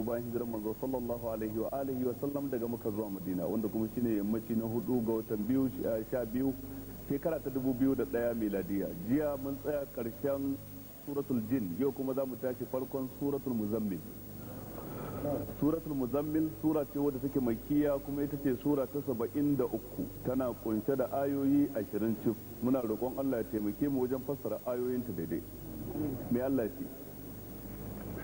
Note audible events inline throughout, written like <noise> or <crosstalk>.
bayan hijirar manzo sallallahu alaihi wa alihi wa sallam daga muka zuwa madina wanda kuma shine yammaci na hudu ga watan biyu sha biyu shekara ta dubu biyu da daya miladiya jiya mun tsaya karshen suratul jin yau kuma za mu tashi farkon suratul muzammil suratul muzammil sura ce wadda take makiya kuma ita ce sura ta saba'in da uku tana kunshe da ayoyi ashirin cif muna roƙon allah ya taimake mu wajen fassara ayoyinta daidai mai allah ce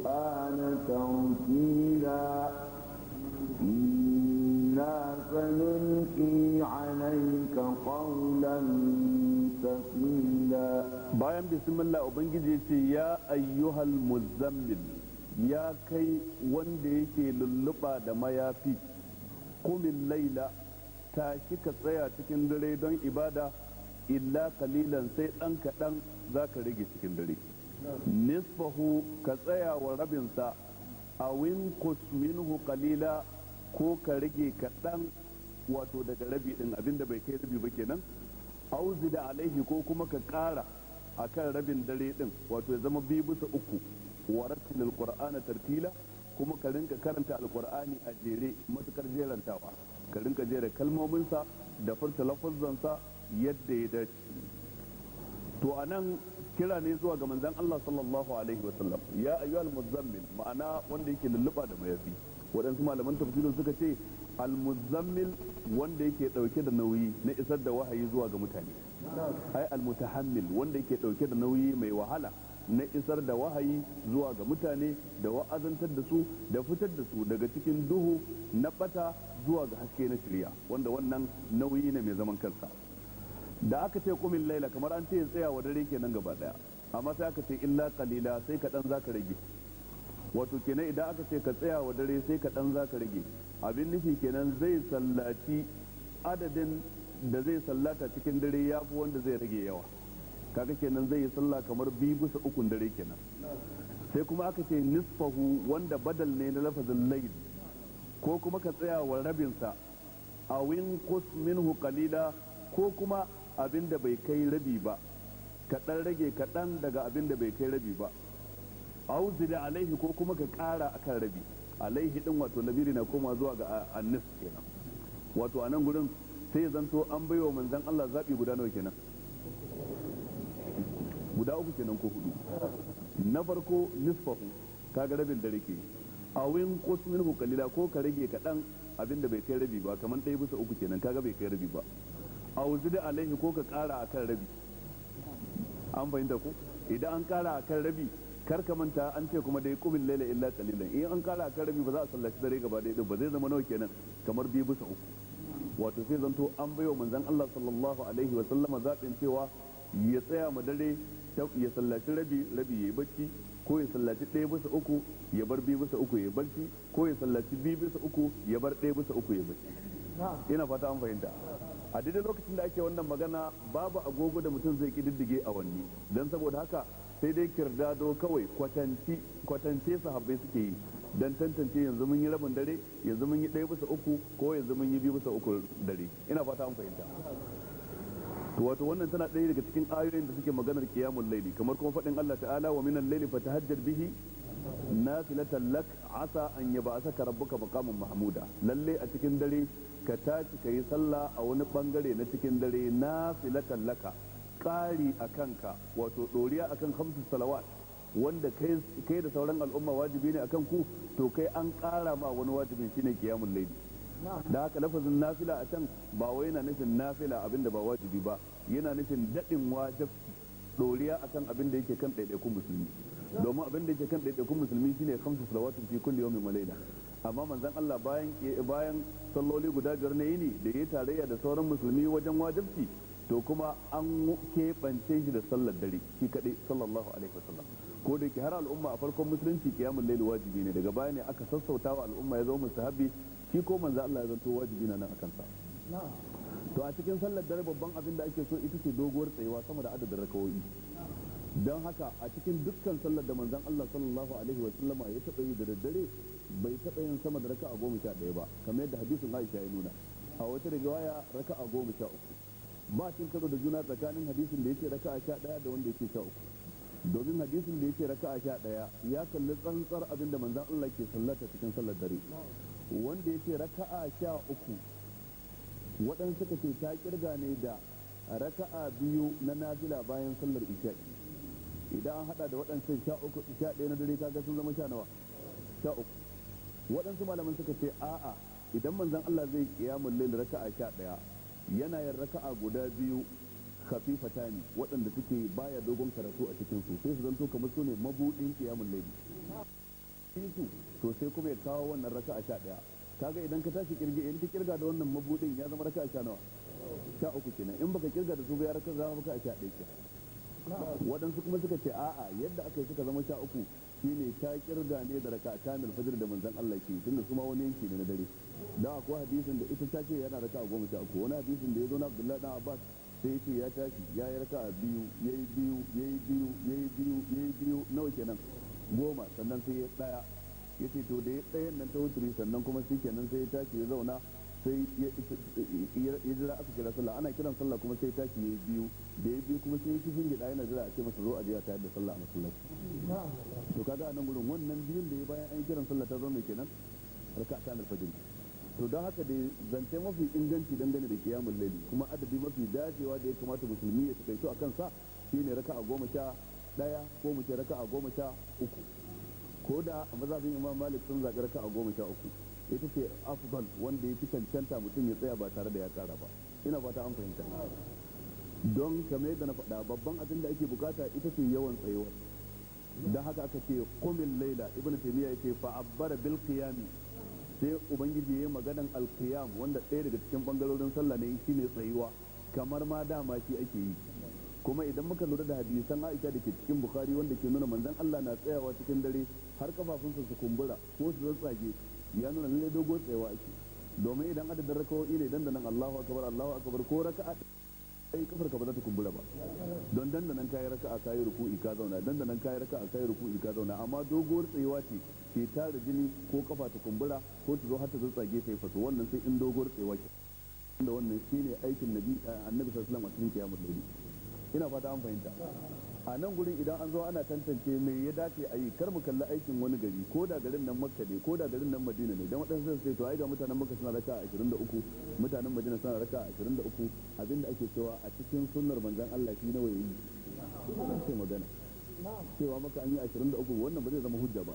القرآن تنزيلا إنا سنلقي عليك قولا ثقيلا bayan bismillah ubangiji ce ya ayyuhal muzammil ya kai wanda yake lulluɓa da mayafi kumin laila tashi ka tsaya cikin dare don ibada illa kalilan sai ɗan kaɗan za ka rage cikin dare nisfahu ka tsaya wa rabinsa a winkus minhu kalila ko ka rage kaɗan wato daga rabi ɗin abinda bai kai rabi ba kenan auzi da alaihi ko kuma ka ƙara a kan rabin dare ɗin wato ya zama biyu bisa uku wa rattilil qur'ana tartila kuma ka rinka karanta alqur'ani a jere matukar jerantawa ka rinka jera kalmominsa da furta lafazzansa yadda ya dace to anan kira ne zuwa ga manzan Allah sallallahu alaihi wasallam ya ayyuhal muzammil ma'ana wanda yake lulluba da mayafi waɗansu malaman tafsirin suka ce al muzammil wanda yake ɗauke da nauyi na isar da wahayi zuwa ga mutane ai al mutahammil wanda yake ɗauke da nauyi mai wahala na isar da wahayi zuwa ga mutane da wa'azantar da su da fitar da su daga cikin duhu na bata zuwa ga haske na shirya wanda wannan nauyi ne mai zaman kansa da aka ce kumin laila kamar an ce ya tsaya wa dare kenan gaba daya amma sai aka ce illa kalila sai ka za ka rage wato kenan idan aka ce ka tsaya wa dare sai ka za ka rage abin nufi kenan zai sallaci adadin da zai sallata cikin dare ya fi wanda zai rage yawa kaga kenan zai yi sallah kamar biyu bisa ukun dare kenan sai kuma aka ce nisfahu wanda badal ne na lafazin laili ko kuma ka tsaya wa rabinsa a winkus minhu kalila ko kuma abin da bai kai rabi ba kaɗan rage kaɗan daga abin da bai kai rabi ba auzi da alaihi ko kuma ka ƙara akan rabi alaihi din wato lamiri na koma zuwa ga annis kenan wato a nan gurin sai zan zanto an bai wa manzan Allah zaɓi guda nawa kenan guda uku kenan ko hudu na farko nisfahu kaga rabin da rike a win qasmin qalila ko ka rage kaɗan abinda bai kai rabi ba kamar ɗaya bisa uku kenan kaga bai kai rabi ba a zida alaihi ko ka kara a kan rabi an fahimta ko idan an kara a kan rabi kar ka manta an ce kuma dai kumin laila illa qalilan in an kara a kan rabi ba za a sallaci dare gaba ɗaya ba zai zama nawa kenan kamar biyu bisa uku wato sai zanto an baiwa manzon Allah sallallahu alaihi wa sallama zaɓin cewa ya tsaya ma dare ya sallaci rabi rabi ya yi bacci ko ya sallaci ɗaya bisa uku ya bar biyu bisa uku ya yi barci ko ya sallaci biyu bisa uku ya bar ɗaya bisa uku ya barci ina fata an fahimta a daidai lokacin da ake wannan magana babu agogo da mutum zai kididdige a wanni don saboda haka sai dai kirdado kawai kwatance sahabbai suke yi don tantance yanzu mun yi rabin dare yanzu mun yi ɗaya bisa uku ko yanzu mun yi biyu bisa uku dare ina fata an fahimta wato wannan tana ɗaya daga cikin ayoyin da suke maganar kiyamun laili kamar kuma faɗin Allah ta'ala wa minan laili fatahajjar bihi nafilatan lak asa an saka rabbuka maqaman mahmuda lalle a cikin dare ka tashi ka yi sallah a wani bangare na cikin dare na filatan laka ƙari a kanka wato ɗoriya a kan hamsin salawat wanda kai da sauran al'umma wajibi ne a kan ku to kai an ƙara ma wani wajibin ne kiyamun laidi da haka lafazin nafila a can ba wai yana nufin nafila abin da ba wajibi ba yana nufin daɗin wajibi ɗoriya a kan abin da yake kan ɗaiɗaikun musulmi domin abin da yake kan ɗaiɗaikun musulmi shine hamsu salawatun fi kulli yawmin wa laila amma manzan Allah bayan bayan salloli guda biyar ne yini da yayi tarayya da sauran musulmi wajen wajibci to kuma an keɓance shi da sallar dare shi kaɗai sallallahu alaihi wasallam ko da ke har al'umma a farkon musulunci kiyamul laili wajibi ne daga baya ne aka sassauta wa al'umma ya zama musahabi shi ko manzo Allah ya zanto wajibi na nan akan sa to a cikin sallar dare babban abin da ake so ita ce doguwar tsayuwa sama da adadin rakawoyi don haka a cikin dukkan sallar da manzon Allah sallallahu alaihi wa ya taɓa yi da daddare bai taɓa yin sama da raka a goma sha ɗaya ba kamar yadda hadisin aisha ya nuna a wata riwaya raka a goma sha uku ba cin karo da juna tsakanin hadisin da yake raka a sha ɗaya da wanda yake sha uku domin hadisin da yake raka a sha ɗaya ya kalli tsantsar abinda manzan Allah ke sallata cikin sallar dare wanda yake raka a sha uku waɗansu suka ce ta kirga ne da raka'a biyu na nafila bayan sallar isha idan an hada da waɗansu sha uku sha ɗaya na dare kaga sun zama sha nawa sha uku waɗansu malaman suka ce a'a idan manzan Allah zai kiyamul lil raka'a sha ɗaya yana yin raka'a guda biyu khafifata ne waɗanda suke baya dogon karatu a cikin su sai su zanto kamar su ne mabudin kiyamul lail su to sai kuma ya kawo wannan raka'a sha ɗaya kaga idan ka tashi kirge in ka kirga da wannan mabudin ya zama raka'a sha nawa sha uku kenan in baka kirga da su ba ya raka zama raka'a sha ɗaya kenan waɗansu kuma suka ce a'a yadda aka yi suka zama sha uku shine ta kirga ne da raka kamil fajr da manzon Allah ke tunda su ma wani yanki ne na dare dan akwai hadisin da ita ta ce yana raka goma sha ko wani hadisin da ya zo na Abdullahi dan Abbas sai ce ya tashi ya yi raka biyu yayi biyu yayi biyu yayi biyu yayi biyu nawa kenan goma sannan sai ya daya yace to da ya tsayan nan ta wuturi sannan kuma shikenan sai ya tashi ya zauna sai ya jira aka kira sallah ana kiran sallah kuma sai tashi ya biyu da ya biyu kuma sai ya kifin gida yana jira a ce masa zo a jiya tayar da sallah a masallaci to kaga a nan gurin wannan biyun da ya bayan an kiran sallah ta zo mai kenan raka ta fajin to don haka da zance mafi inganci dangane da kiyamun laili kuma adadi mafi dacewa da ya kamata musulmi ya takaito a kansa shine raka a goma sha daya ko mu ce raka a goma sha uku ko da mazafin imam malik sun zaɓi raka a goma sha uku ita ce afdal wanda ya fi cancanta mutum ya tsaya ba tare da ya kara ba ina fata an fahimta don kamar da na faɗa babban abin da ake bukata ita ce yawan tsayuwa don haka aka ce komin laila ibn taymiya ya ce fa'abbara bil qiyami sai ubangiji ya yi maganan alkiyam wanda ɗaya daga cikin bangarorin sallah ne shine tsayuwa kamar ma dama shi ake yi kuma idan muka lura da hadisan Aisha da ke cikin Bukhari wanda ke nuna manzon Allah na tsayawa cikin dare har kafafunsa su kumbura ko su tsage. ya nuna lalle dogo tsayawa ake domin idan adadin rakawoyi ne nan Allahu akbar Allahu akbar ko raka'a ai kafar ka ba za ta kumbura ba don nan kayi raka'a kayi ruku'i ka zauna nan kayi raka'a kayi ruku'i ka zauna amma dogo tsayawa ce ke tara jini ko kafa ta kumbura ko ta zo har ta tsage ta yi faso wannan sai in dogo tsayawa ke. wanda wannan shine aikin nabi eh, annabi sallallahu alaihi wasallam a cikin kiyamul layli ina fata an fahimta a nan gurin idan an zo ana tantance me ya dace a yi kar mu kalli aikin wani gari ko da garin nan makka ne ko da garin nan madina ne dan waɗansu sai ce to ai ga mutanen makka suna raka 23 mutanen madina suna raka 23 abinda ake cewa a cikin sunnar manzon Allah shi nawa wayi sai magana cewa maka an yi 23 wannan ba zai zama hujja ba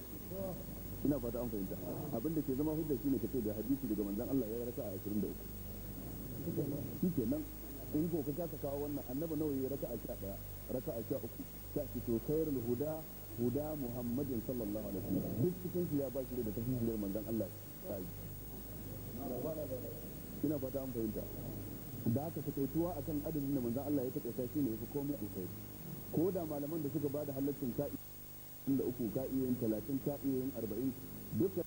ina fata an fahimta abinda ke zama hujja shine ka ce da hadisi daga manzon Allah ya raka 23 shi kenan in ko ka kawo wannan annabi nawa ya raka 11 a sha uku ta ce to khairul huda huda muhammadin sallallahu alaihi sallam duk cikin su ya ba shi da tafsirin manzon Allah sai ina fata an fahimta da aka takaituwa akan adadin da manzon Allah ya takaita shi ne yafi komai alkhairi ko da malaman da suka bada halaccin ka'i da uku ka'iyoyin talatin yin arba'in duka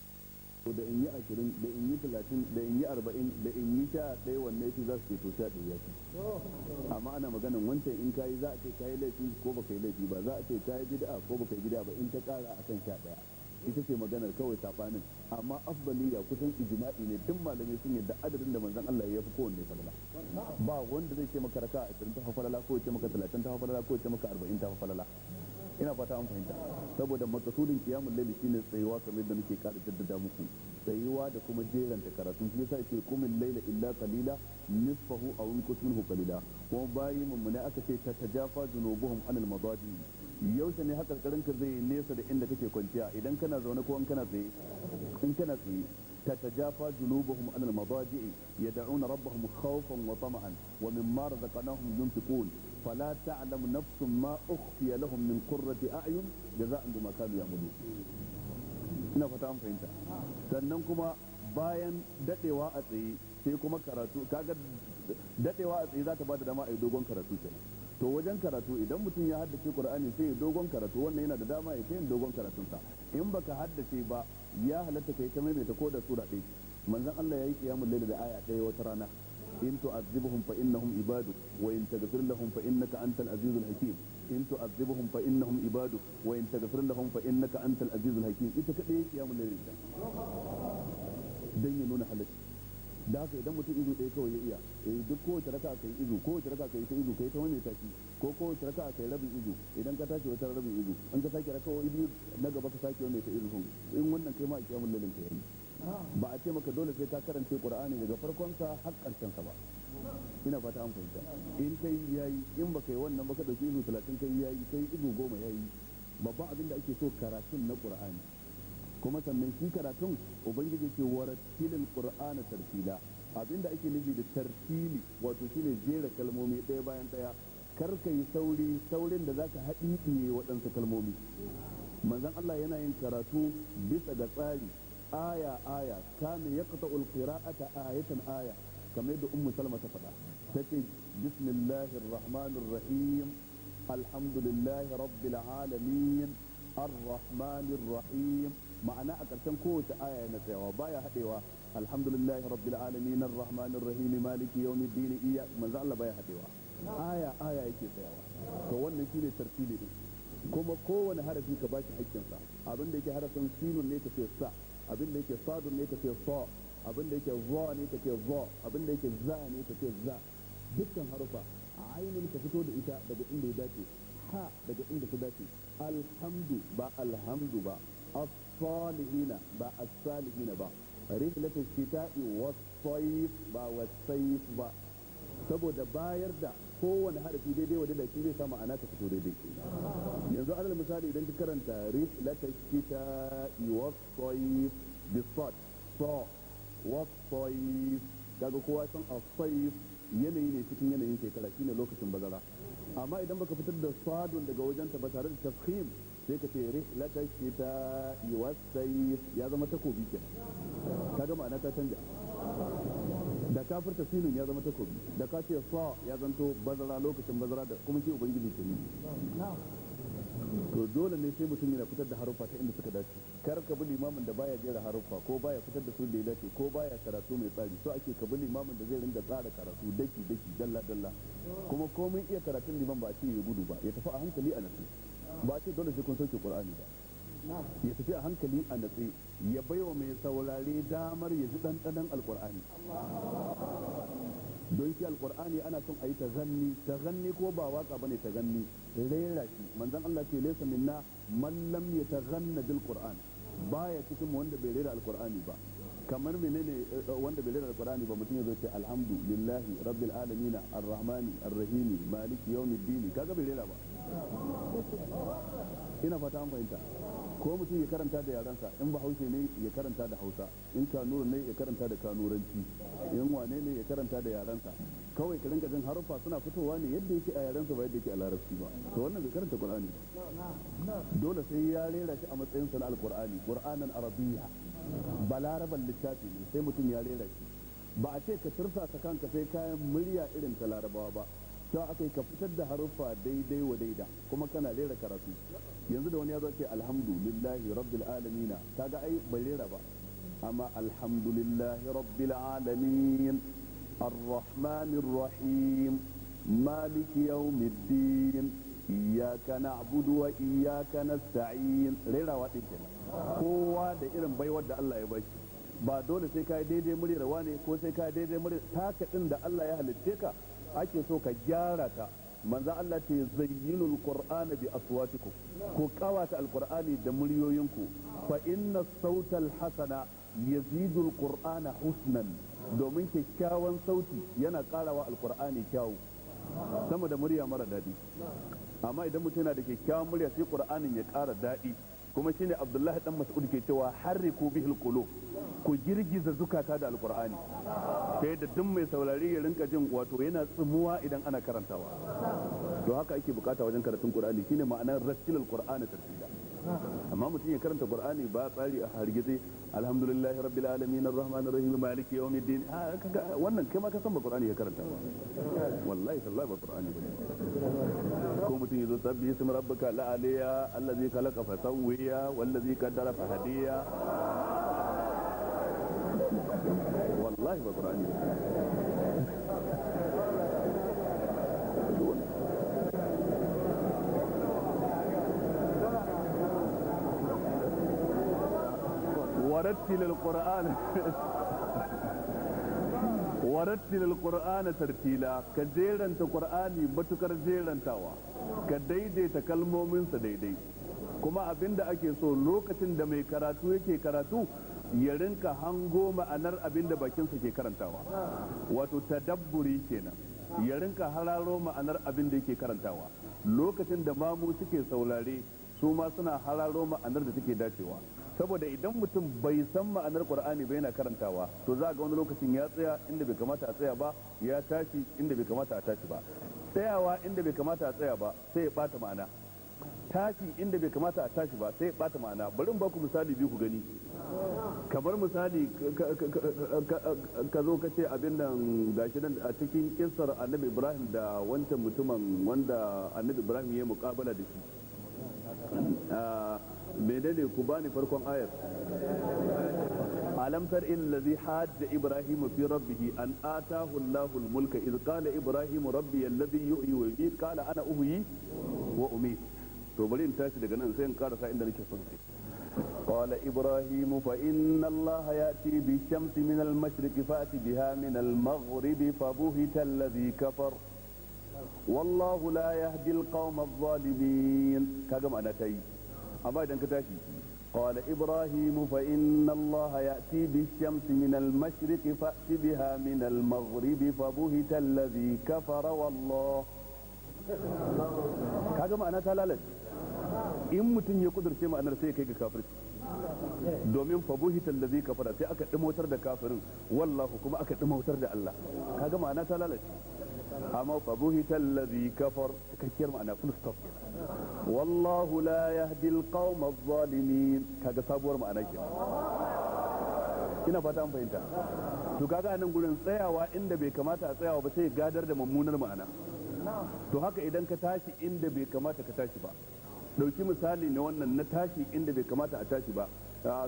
da in yi ashirin da in yi talatin da in yi arba'in da in yi sha ɗaya wanne shi za su ce to sha ɗaya ce amma ana maganin wancan in kayi za a ce kayi laifi ko baka yi laifi ba za a ce kayi gida ko ka yi bid'a ba in ta ƙara akan sha ɗaya ita ce maganar kawai sabanin amma ya kusan ijma'i ne duk malamai sun yadda adadin da manzon Allah ya fi kowanne falala ba wanda zai ce maka raka 20 ta falala ko ya ce maka 30 ta falala ko ya ce maka 40 ta falala ina fata an fahimta saboda makasudin kiyamun laili shine tsayuwa kamar da muke kara jaddada muku tsayuwa da kuma jeranta karatu shi yasa yake kumin laila illa qalila nisfahu aw inqus minhu qalila kuma bayi mummune aka ce ta tajafa junubuhum anil madaji yaushe ne haka ka zai nesa da inda kake kwanciya idan kana zaune ko in kana tsaye in kana tsaye تتجافى جنوبهم عن المضاجع يدعون ربهم خوفا وطمعا ومما رزقناهم ينفقون فلا تعلم نفس ما أخفي لهم من قرة أعين جزاء بما كانوا يعملون ina fata an fahimta sannan kuma bayan dadewa a tsaye sai kuma karatu kaga dadewa a tsaye za ta ba da dama a yi dogon karatu kenan to wajen karatu idan mutum ya haddace qur'ani sai ya dogon karatu wannan yana da dama ya yin dogon karatunsa in baka haddace ba ya halatta kai ta maimaita ko da sura ɗaya manzon Allah yayi qiyamul layl da aya ɗaya wata rana in tu'azzibuhum fa innahum ibadu wa in taghfir lahum fa innaka antal azizul hakim in tu'azzibuhum fa innahum ibadu wa in taghfir lahum fa innaka antal azizul hakim ita kadai qiyamul layl dan ya nuna halatta da haka idan mutum izu ɗaya kawai ya iya eh duk kowace raka kai izu kowace raka kai ta izu kai ta wani tashi ko kowace raka kai rabin izu idan ka tashi wata rabin izu in ka sake raka izu na gaba ka sake wani ta izu in wannan kai ma a kiyamun lalin ka yi ba a ce maka dole sai ta karanta qur'ani daga farkon sa har ƙarshen sa ba ina fata an fahimta in kai yayi in baka yi wannan ba ka dauki izu 30 kai yayi kai izu 10 yayi babban abin da ake so karatun na qur'ani kuma sannan shi karatun ubangiji ce warattilil qur'ana tartila abinda ake nufi da tartili wato shine jera kalmomi ɗaya bayan ɗaya kar ka yi sauri saurin da zaka haɗiɗiye waɗansu kalmomi manzon Allah yana yin karatu bisa ga tsari aya aya kana yaqta'ul qira'ata ayatan aya kamar yadda ummu salma ta faɗa tace bismillahir rahmanir rahim alhamdulillahi rabbil alamin الرحمن الرحيم ma'ana a ƙarshen kowace aya na tsayawa baya haɗewa alhamdulillah rabbil alamin arrahmanir rahim maliki yawmiddin iya manzo Allah baya haɗewa aya aya yake tsayawa to wannan shine tartili din kuma kowane harafi ka bashi hakkin sa abin da yake harafin sinun ne ka ce sa abin da yake sadun ne ka ce sa abin da yake za ne ka ce za abin da yake za ne ka ce za dukkan harufa ainihin ka fito da ita daga inda ya dace ha daga inda ta dace alhamdu ba alhamdu ba salihina ba as-salihina ba rihlatu shita'i was-sayf ba was-sayf ba saboda bayar da kowane harafi daidai wadda shi zai samu ana ta fito daidai yanzu alal misali idan ka karanta rihlatu shita'i was-sayf bisat so was-sayf kaga kowa san as-sayf yanayi ne cikin yanayin shekara shine lokacin bazara amma idan baka fitar da sadun daga wajenta ba tare da tafkhim sai ka ce rihlata shita wasayif ya zama takobi ke ka gama ana ka canja da ka furta ya zama takobi da ka ce sa ya zanto bazara lokacin bazara da kuma ke ubangiji ke to dole ne sai mutum yana fitar da haruffa ta inda suka dace kar ka bi limamin da baya jera haruffa ko baya fitar da su da ya dace ko baya karatu mai tsari so ake ka bi limamin da zai ringa tsara karatu daki daki dalla dalla kuma komai iya karatun liman ba a ce ya gudu ba ya tafi a hankali a nasu ba ce dole sai kun sauke qur'ani ba ya tafi a hankali a natsi ya baiwa mai saurare damar ya ji ɗanɗanon alƙur'ani don shi alƙur'ani ana son a yi ta ta zanni ko ba waka ta zanni rera shi manzon Allah ce laysa minna man lam yatazanna bil qur'an baya cikin wanda bai rera alƙur'ani ba kamar menene eh, wanda bai rera alƙur'ani ba mutum ya zo ce alhamdu lillahi rabbil alamin arrahmani arrahimi maliki yawmiddin kaga bai rera ba ina fata an fahimta ko mutum ya karanta da yarensa in ba haushe ne ya karanta da hausa in kanuru ne ya karanta da kanuranci in wane ne ya karanta da yarensa kawai ka rinka jin haruffa suna fitowa ne yadda yake a yarensa ba yadda yake a larabci ba to wannan bai karanta qur'ani dole sai ya rera shi a matsayin sa na alqur'ani qur'anan arabiyya ba littafi ne sai mutum ya rera shi ba a ce ka tursa kanka sai kayan murya irin ta larabawa ba ta aka yi ka fitar da haruffa daidai wa daida kuma kana rera karatu yanzu da wani ya zo ce alhamdulillahi rabbil alamina kaga ai bai rera ba amma alhamdulillahi rabbil alamin arrahmanir rahim maliki yawmiddin iyyaka na'budu wa iyyaka nasta'in rera wa kenan kowa da irin baiwar da Allah ya baki ba dole sai ka daidai muryar wane ko sai ka daidai muryar taka din da Allah ya halitte ka ake so ka gyara ta manzo Allah ce zayyinul qur'ana bi aswatikum ku kawata alqur'ani da muryoyinku fa inna sautal hasana yazidul qur'ana husnan domin kyakkyawan sauti yana karawa alqur'ani kyawu sama da murya mara daɗi amma idan mutum yana da kyakkyawan murya sai qur'anin ya ƙara daɗi kuma shine Abdullahi dan Mas'ud ke cewa harriku bihil qulub ku girgiza zukata da alqur'ani ta yadda duk mai saurari ya rinka jin wato yana tsumuwa idan ana karantawa to haka ake bukata wajen karatun qur'ani shine ma'anar rattilal qur'ani tartila amma mutum ya karanta qur'ani ba tsari a hargitse alhamdulillahi rabbil alamin arrahmanir rahim maliki yawmiddin ah, wannan kai ma ka san ba qur'ani ya karanta ba wallahi sallallahu ba qur'ani ba ko mutum yazo sabbi ismi rabbika la'aliya allazi khalaqa fa sawwiya wallazi qaddara fa hadiya wallahi ba qur'ani tartila ka jeranta qur'ani matukar jerantawa ka daidaita kalmominsa daidai kuma abinda ake so lokacin da mai karatu yake karatu ya rinka hango ma'anar abin da bakinsa ke karantawa wato tadabburi kenan ya rinka hararo ma'anar abin da yake karantawa lokacin da mamu suke saurare su ma suna hararo ma'anar da take dacewa saboda idan mutum bai san ma'anar qur'ani ba yana karantawa to za ga wani lokacin ya tsaya inda bai kamata a tsaya ba ya tashi inda bai kamata a tashi ba tsayawa inda bai kamata a tsaya ba sai ya bata ma'ana tashi inda bai kamata a tashi ba sai bata ma'ana bari ba ku misali biyu ku gani kamar misali ka zo ka ce abin nan gashi nan a cikin kisar annabi ibrahim da wancan mutumin wanda annabi ibrahim ya mukabala da shi ah, menene ku bani farkon ayar alam tar lazi hajja ibrahim fi rabbihi an atahu allahul mulka iz qala ibrahim rabbi alladhi yuhyi wa yumiit qala ana uhyi wa to bari in tashi daga nan sai in karasa inda nake son sai قال إبراهيم فإن الله يأتي بالشمس من المشرق فأت بها من المغرب فبهت الذي كفر والله لا يهدي القوم الظالمين كما أنا تي أما إذا كتاشي قال إبراهيم فإن الله يأتي بالشمس من المشرق فأت بها من المغرب فبهت الذي كفر والله كما أنا تلالت in mutum ya kudurce ma'anar sai ya kai ga kafirci domin fabuhitan da zai kafara sai aka dimotar da kafirin wallahu kuma aka dimotar da Allah kaga ma'ana ta lalace amma fabuhitan ladhi kafar cikakkiyar ma'ana full stop wallahu la yahdi alqawm adh-dhalimin kaga sabuwar ma'ana ke ina fata an fahimta to kaga anan gurin tsayawa inda bai kamata a tsayawa ba sai gadar da mummunar ma'ana to haka idan ka tashi inda bai kamata ka tashi ba dauki misali na wannan na tashi inda bai kamata a tashi ba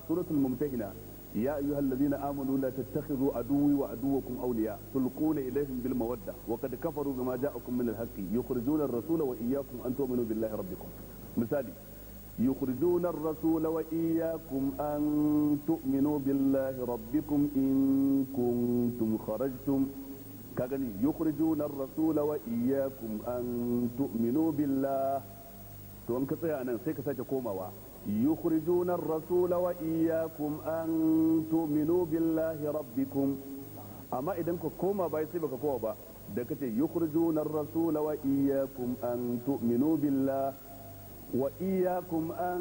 suratul mumtahina ya ayyuhal ladina amanu la tattakhidhu aduwwi wa aduwwakum awliya tulquna ilayhim bil mawadda wa qad kafaru bima ja'akum min al haqqi yukhrijuna ar-rasula wa iyyakum an tu'minu billahi rabbikum misali يخرجون الرسول وإياكم أن تؤمنوا بالله ربكم إن كنتم خرجتم كغني يخرجون الرسول وإياكم أن تؤمنوا بالله to in ka tsaya nan sai ka sake komawa yukhrijuna ar-rasula wa iyyakum an tu'minu billahi rabbikum amma idan ka koma bai sai baka kowa ba da kace yukhrijuna ar-rasula wa iyyakum an tu'minu billahi wa iyyakum an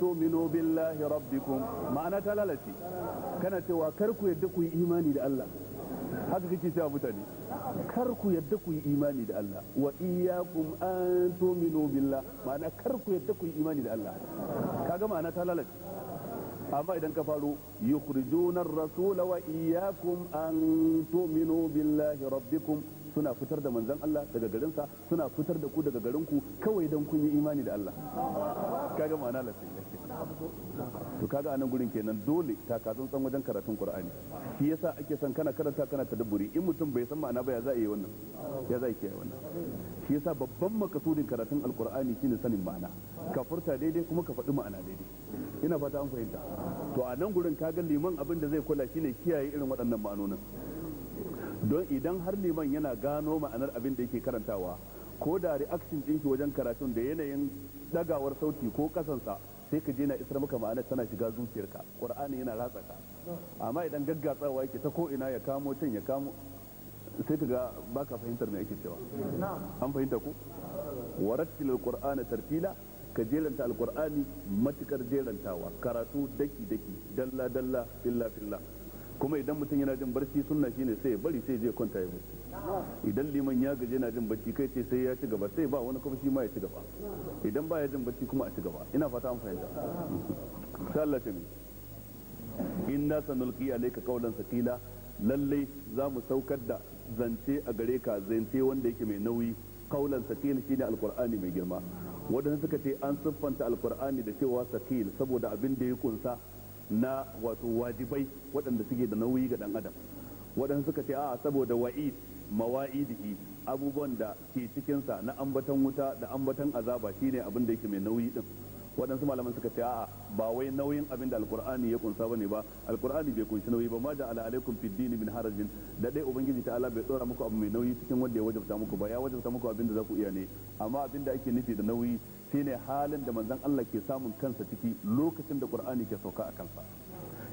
tu'minu billahi rabbikum ma'ana ta lalace kana cewa kar ku yadda ku yi imani da Allah haka kake cewa mutane kar ku yadda ku yi imani da Allah wa iyyakum an tu'minu billah ma'ana kar ku yadda ku yi imani da Allah kaga ma'ana ta lalace amma idan ka faru yukhrijuna ar-rasula wa iyyakum an tu'minu billahi rabbikum suna fitar da manzan Allah daga garinsa suna fitar da ku daga garinku kawai dan kun yi imani da Allah kaga ma'ana lafiya to kaga anan gurin kenan dole ka tsan wajen karatun qur'ani shi yasa ake son kana karanta kana tadabburi in mutum bai san ma'ana ba ya za a yi wannan ya za a yi wannan shi yasa babban makasudin karatun alqur'ani shine sanin ma'ana ka furta daidai kuma ka faɗi ma'ana daidai ina fata an fahimta to a nan gurin kaga liman abin da zai kula shine kiyaye irin waɗannan ma'anonin don idan har liman yana gano ma'anar abin da yake karantawa ko da reaction din shi wajen karatun da yanayin dagawar sauti ko kasansa sai ka je na isar maka ma'ana tana shiga zuciyarka qur'ani yana ratsa ka amma idan gaggatsawa yake ta ko ina ya kamo can ya kamo sai ka ga baka fahimtar me ake cewa an fahimta ku warattil alqur'ana tartila ka jeranta alqur'ani matukar jerantawa karatu daki daki dalla dalla filla filla kuma idan mutum yana jin barci sunna shine sai ya bari sai je kwanta ya barci idan liman ya gaje yana jin barci kai ce sai ya ci gaba sai ba wani kuma shi ma ya ci gaba idan ba ya jin barci kuma a ci gaba ina fata an fahimta sai Allah ta na sanulqi alayka qawlan sakila lallai za mu saukar da zance a gare ka zance wanda yake mai nauyi sakila sakil shine alqur'ani mai girma wadanda suka ce an siffanta alqur'ani da cewa sakil saboda abin da ya kunsa na wato wajibai waɗanda suke da nauyi ga ɗan adam waɗanda suka ce a saboda wa'id mawa'idihi abubuwan da ke cikinsa na ambatan wuta da ambatan azaba shine abin da yake mai nauyi din waɗansu malaman suka ce a'a ba wai nauyin abin da alkur'ani ya kunsa bane ba alkur'ani bai kunshi nauyi ba ma ja ala alaikum fid dini min harajin da dai ubangiji ta ala bai tsora muku abu mai nauyi cikin wanda ya wajabta muku ba ya wajabta muku abin da za ku iya ne amma abin da ake nufi da nauyi shine halin da manzon Allah ke samun kansa ciki lokacin da qur'ani ke sauka a kansa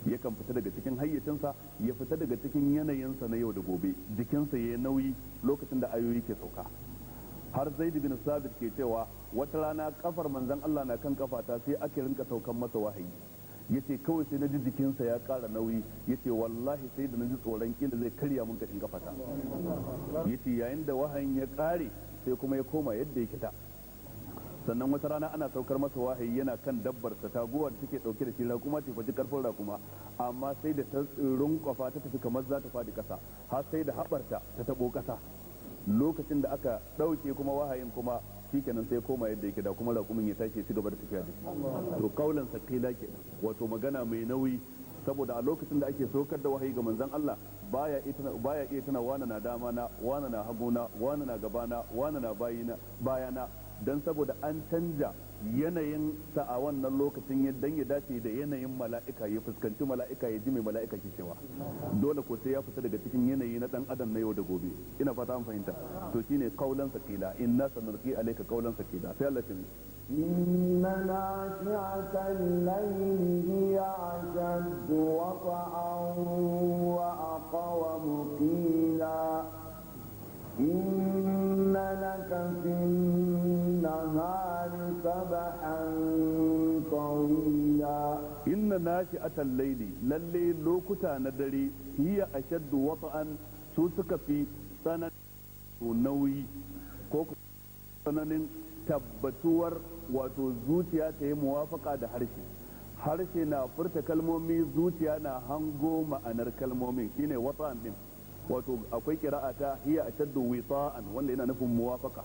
yakan fita daga cikin hayyacinsa ya fita daga cikin yanayinsa na yau da gobe jikinsa ya nauyi lokacin da ayoyi ke sauka har zaidu bin sabit ke cewa wata rana kafar manzon Allah na kan kafata sai ake rinka saukan masa wahayi yace kawai sai na naji jikinsa ya kara nauyi yace wallahi sai da na ji tsoron kila zai karya mun kashin kafata yace yayin da wahayin ya kare sai kuma ya koma yadda yake ta sannan wata rana ana saukar masa wahayi yana kan dabbar sa taguwa da take dauke da shi rakuma ce faji karfin rakuma amma sai da ta rinkwafa ta tafi kamar za ta fadi kasa har sai da haɓarta ta tabo kasa lokacin da aka ɗauke kuma wahayin kuma shikenan sai koma yadda yake da kuma raƙumin ya tashi ci gaba da tafiya da to kaulan sakila ke wato magana mai nauyi saboda a lokacin da ake sokar da wahayi ga manzon Allah baya baya iya tana wana na dama na wana na haguna wana na gabana wana na bayina bayana dan saboda an canja yanayin sa a wannan lokacin dan ya dace da yanayin mala'ika ya fuskanci mala'ika ya ji mai mala'ika ke cewa dole ko sai ya fita daga cikin yanayi na dan adam na yau da gobe ina fata an fahimta to shine kaulan sakila inna a alayka kaulan sakila sai Allah ya إن inna atal laili lalle lokuta na dare hiya ashaddu wata'an su suka fi sanan nauyi ko sananin tabbatuwar wato zuciya ta yi muwafaka da harshe harshe na furta kalmomi zuciya na hango ma'anar kalmomin shine wata'an din wato akwai kira'a ta hiya ashaddu wita'an wanda yana nufin muwafaka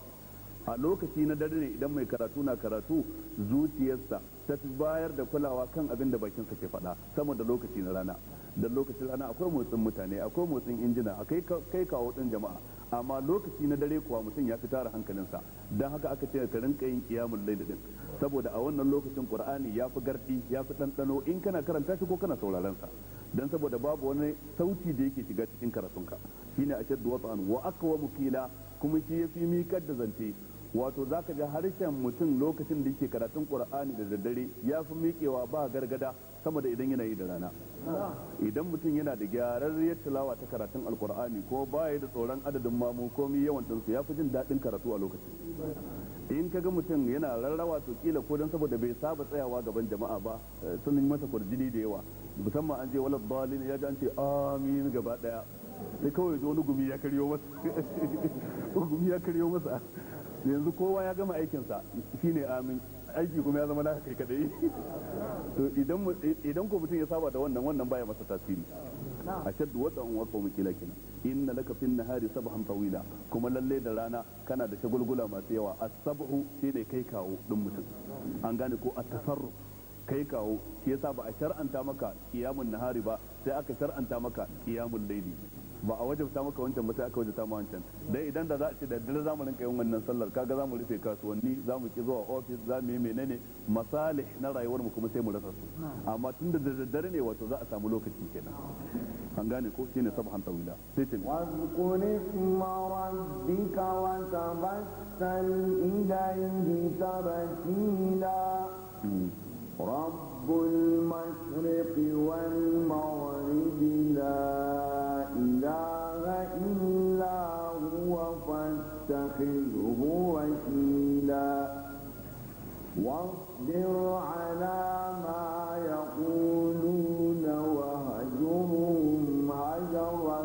a lokaci na dare ne idan mai karatu na karatu zuciyarsa ta fi bayar da kulawa kan abin da bakinsa ke faɗa sama da lokaci na rana da lokacin rana akwai motsin mutane akwai motsin injina akwai kai kawo ɗin jama'a amma lokaci na dare kuwa mutum ya fi tara hankalinsa don haka aka ce ka rinka yin kiyamun laili din saboda a wannan lokacin qur'ani ya fi garɗi ya fi ɗanɗano in kana karanta shi ko kana sauraron sa don saboda babu wani sauti da yake shiga cikin karatunka shine ashaddu wata'an wa aqwamu mukila kuma shi ya fi miƙar da zance wato za ka ji harshen mutum lokacin da yake karatun qur'ani da daddare ya fi miƙewa ba gargada sama da idan yana yi da rana idan mutum yana da gyararriyar tilawa ta karatun alqur'ani ko baya da tsoron adadin mamu komai yawan su ya fi jin daɗin karatu a lokacin in ka ga mutum yana rarrawa to kila ko dan saboda bai saba tsayawa gaban jama'a ba eh, sun masa kurjini da yawa musamman an je walad dalil ya ji amin gaba daya sai kawai wani gumi ya karyo masa <laughs> gumi ya karyo masa yanzu kowa ya gama aikinsa ne amin ah, aiki kuma ya zama na kai kadai to idan ko mutum ya saba da wannan wannan baya masa tasiri ashad wadan wa qawmi kila kina inna laka fin nahari sabahan tawila kuma lalle da rana kana da shagulgula masu yawa as-sabhu shine kai kawo din mutum an gane ko a tasarruf kai kawo shi yasa ba a shar'anta maka qiyamul nahari ba sai aka shar'anta maka qiyamul laili ba a wajabta maka wancan ba sai aka wajabta ma wancan dai idan da za a ce da daddare za mu rinka yin wannan sallar kaga za mu rufe kasuwanni za mu ki zuwa ofis za mu yi menene masali na rayuwar mu kuma sai mu rasa su amma tun da daddare ne wato za a samu lokaci kenan an gane ko shine subhan tawila sai ce wazkur isma rabbika wa tabassal واصبر على ما يقولون وهجرهم هجرا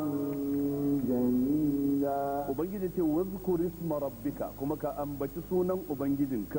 جميلا sunan واذكر اسم ربك كما كأنبت سونا وبنجدك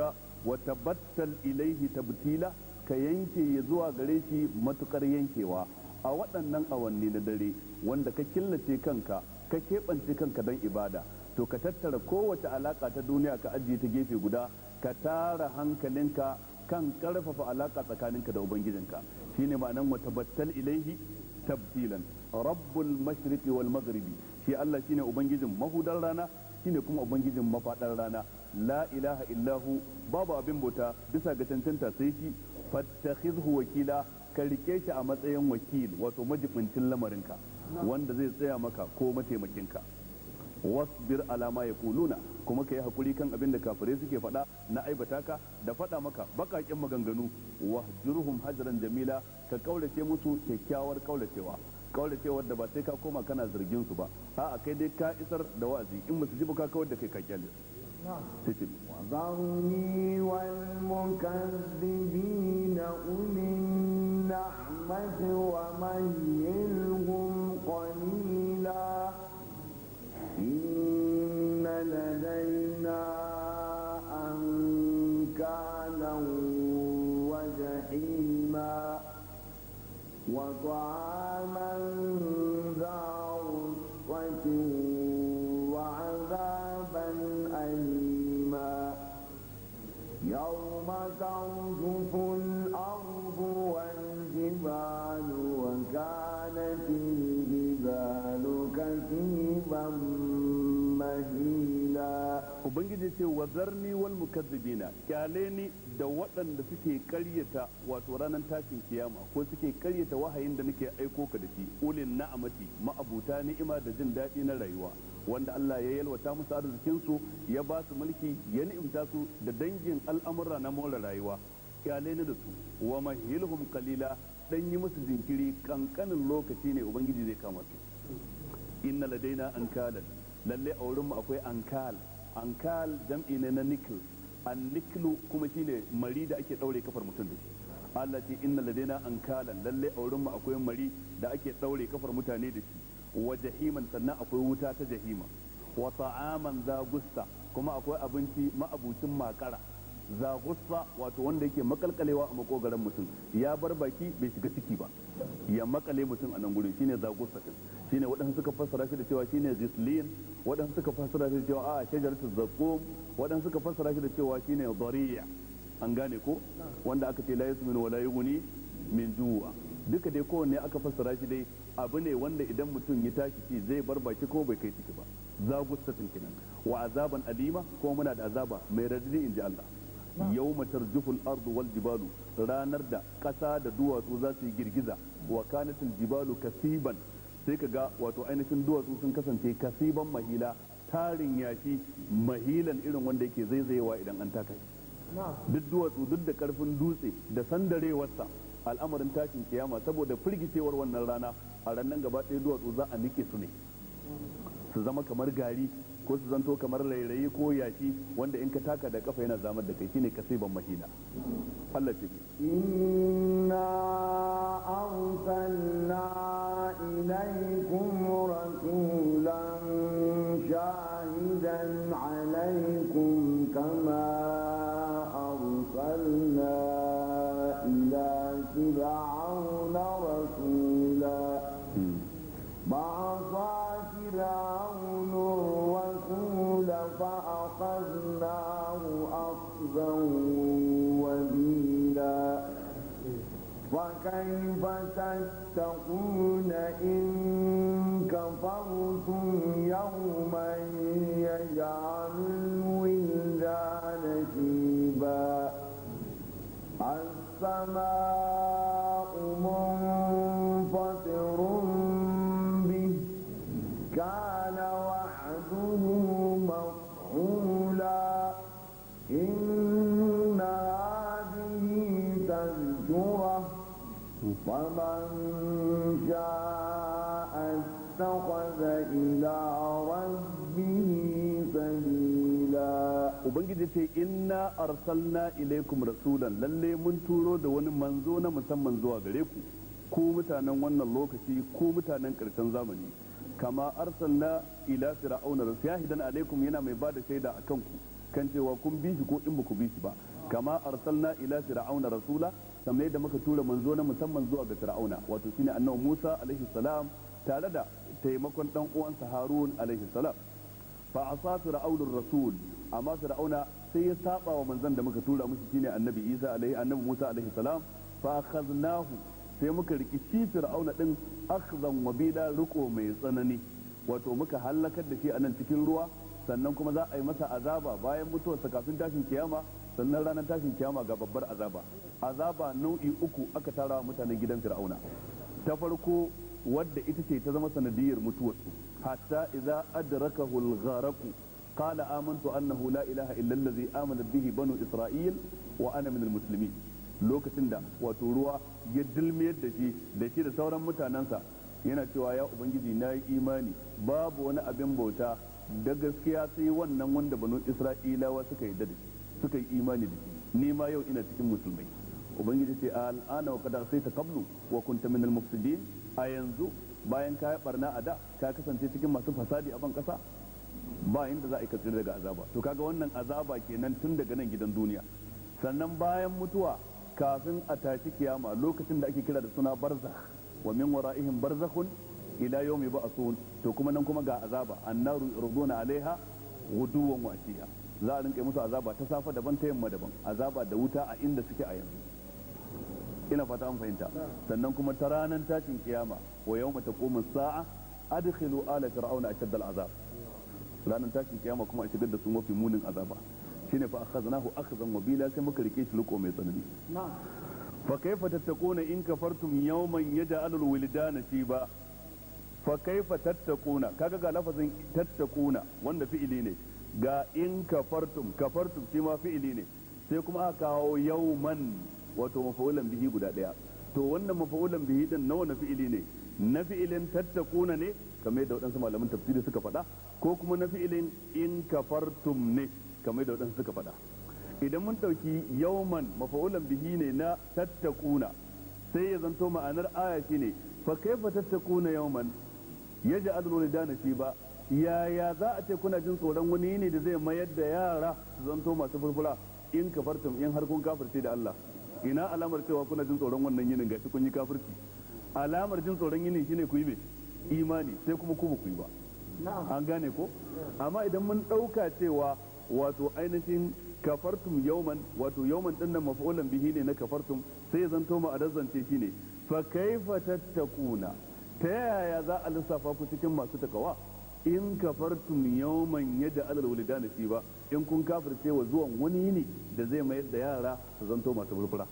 وتبتل إليه تبتيلا ka yanke ya zuwa gare shi matukar yankewa a waɗannan awanni na dare wanda ka killace kanka ka keɓance kanka don ibada to ka tattara kowace alaƙa ta duniya ka ajiye ta gefe guda ka tara hankalinka kan karfafa alaka tsakaninka da ubangijinka shine ma'anan wa tabattal ilaihi tabtilan rabbul mashriqi wal maghribi shi Allah shine ubangijin mahudan rana shine kuma ubangijin mafadar rana la ilaha illahu babu abin bota bisa ga tantanta sai shi fattakhidhu wakila ka rike shi a matsayin wakil wato majibincin lamarinka wanda zai tsaya maka ko mataimakinka wasbir alama ya kuluna kuma ka yi hakuri kan abin da kafirai suke fada na aibata ka da fada maka baƙaƙen maganganu wahjurhum hajran jamila ka kaulace musu kyakkyawar kaulacewa kaulacewar da ba sai ka koma kana zargin su ba a kai dai ka isar da wa'azi in musu ji ka kawar da kai ka wal وذرني ulin na'mati wa ومهل ubangiji ce wa zarni wal mukazzibina kyale ni da waɗanda suke karyata wato ranar tashin kiyama ko suke karyata wahayin da nake aiko ka da shi ulin na'amati ma'abuta ni'ima da jin daɗi na rayuwa wanda Allah ya yalwata musu arzikin su ya ba su mulki ya ni'imta su da dangin al'amura na more rayuwa kyale ni da su wa mahilhum qalila dan yi musu jinkiri kankanin lokaci ne ubangiji zai kama su inna ladaina ankalan lalle a wurinmu akwai ankal ankal jam'i ne na nikl an niklu kuma shine mari da ake daure kafar mutum da shi Allah ce inna ladaina ankalan lalle a wurin mu akwai mari da ake daure kafar mutane da shi wa jahiman sannan akwai wuta ta jahima wa ta'aman za gusta kuma akwai abinci ma'abucin makara za gusta wato wanda yake makalkalewa a makogaran mutum ya bar baki bai shiga ciki ba ya makale mutum a nan gurin shine zakusatin shine waɗansu suka fassara shi da cewa shine zislin waɗansu suka fassara shi da cewa a shajaratu zakum waɗansu suka fassara shi da cewa shine dariya an gane ko wanda aka ce la yasmin wala yughni min ju'a duka dai kowanne aka fassara shi dai abu ne wanda idan mutum ya tashi shi zai bar baki ko bai kai ciki ba zagustatin kenan wa azaban alima ko muna da azaba mai radadi inji Allah yawma tarjufu al-ardu jibalu ranar da ƙasa da duwatsu za su yi girgiza wa kanatil jibalu kasiban sai ka ga wato ainihin duwatsu sun kasance kasiban mahila tarin yashi mahilan irin wanda yake zaizayewa idan an taka duk duwatsu duk da karfin dutse da sandarewarsa al'amarin tashin kiyama saboda firgicewar wannan rana a ranar gaba ɗaya duwatsu za a nike su ne su zama kamar gari ko su zanto kamar rairayi ko yashi wanda in ka taka da kafa yana zamar da kai shine ban mahina Allah ce inna arsalna ilaykum rasulan shahidan alaykum تتقون إن كفرتم ce inna arsalna ilaikum rasulan lalle mun turo da wani manzo na musamman zuwa gare ku ko mutanen wannan lokaci ko mutanen karshen zamani kama arsalna ila fir'auna shahidan alaikum yana mai bada shaida akan ku kan cewa kun bi shi ko in ku bi shi ba kama arsalna ila fir'auna rasula kamar da muka tura manzo na musamman zuwa ga fir'auna wato shine annabi Musa alaihi salam tare da taimakon dan uwansa Harun alaihi salam fa asa fir'aunur rasul amma fir'auna sai ya saba wa manzon da muka tura musu shine annabi isa alaihi annabi musa alaihi salam fa akhadnahu sai muka riki shi fir'auna din akhzan wabila riko mai tsanani wato muka halakar da shi a nan cikin ruwa sannan kuma za a yi masa azaba bayan mutuwarsa kafin tashin kiyama sannan ranar tashin kiyama ga babbar azaba azaba nau'i uku aka tara mutanen gidan fir'auna ta farko wadda ita ce ta zama sanadiyar mutuwarsu hatta idza adrakahu al-gharaqu قال آمنت annahu la ilaha إلا الذي amana به banu إسرائيل wa من المسلمين lokacin da wato ruwa ya dilmiyar da shi da shi da sauran mutanensa yana cewa ya ubangiji na yi imani babu wani abin bauta da gaskiya sai wannan wanda banu isra'ilawa suka yi dadi suka yi imani da shi ni ma yau ina cikin musulmai ubangiji ce al'ana wa kada sai ta kablu wa kunta minal mufsidin a yanzu bayan ka barna a da ka kasance cikin masu fasadi a ban kasa ba inda za a yi ka daga azaba to kaga wannan azaba kenan tun daga nan gidan duniya sannan bayan mutuwa kafin a tashi kiyama lokacin da ake kira da suna barzakh wa min wara'ihim barzakhun ila yawmi ba'thun to kuma nan kuma ga azaba annaru yurduna alaiha guduwan wasiya za a rinka musu azaba ta safa daban ta yamma daban azaba da wuta a inda suke a yanzu ina fata an fahimta sannan kuma ta ranar tashin kiyama wa yawma taqumu sa'a adkhilu ala fir'auna ashaddal azaba ranar tashin kiyama kuma a shigar da su mafi munin azaba shine fa akhadnahu akhzan wabila sai muka rike shi luko mai tsanani fa kaifa tattaquna in kafartum yawman yaj'alul wildana shiba fa kaifa tattaquna kaga ga lafazin tattaquna wanda fi'ili ne ga in kafartum kafartum shi ma fi'ili ne sai kuma aka kawo yawman wato mafa'ulan bihi guda daya to wannan mafa'ulan bihi din nawa na fi'ili ne na fi'ilin tattaquna ne kamar yadda waɗansu malaman tafsiri suka faɗa ko kuma na fi'ilin in kafartum ne kamar da waɗansu suka faɗa idan mun ɗauki yauman mafa'ulan bihi ne na tattakuna sai ya zanto ma'anar aya shi ne fa kaifa tattakuna yauman ya ji azumi da na ba yaya za a ce kuna jin tsoron wani ne da zai mayar da yara su zanto masu furfura in kafartum in har kun kafirce da Allah ina alamar cewa kuna jin tsoron wannan yinin gashi kun yi kafirci alamar jin tsoron yinin shine ku yi imani sai kuma ku ba ku yi ba an gane ko amma idan mun ɗauka cewa wato ainihin kafartum yauman wato yauman din nan maf'ulan bihi ne na kafartum sai ya zanto ma'anar shi ne fa kaifa tattakuna ta yaya za a lissafa ku cikin masu takawa in kafartum yauman yadda alal wulidana shi ba in kun kafirce wa zuwan wani ne da zai mayar da yara su zanto masu burfura.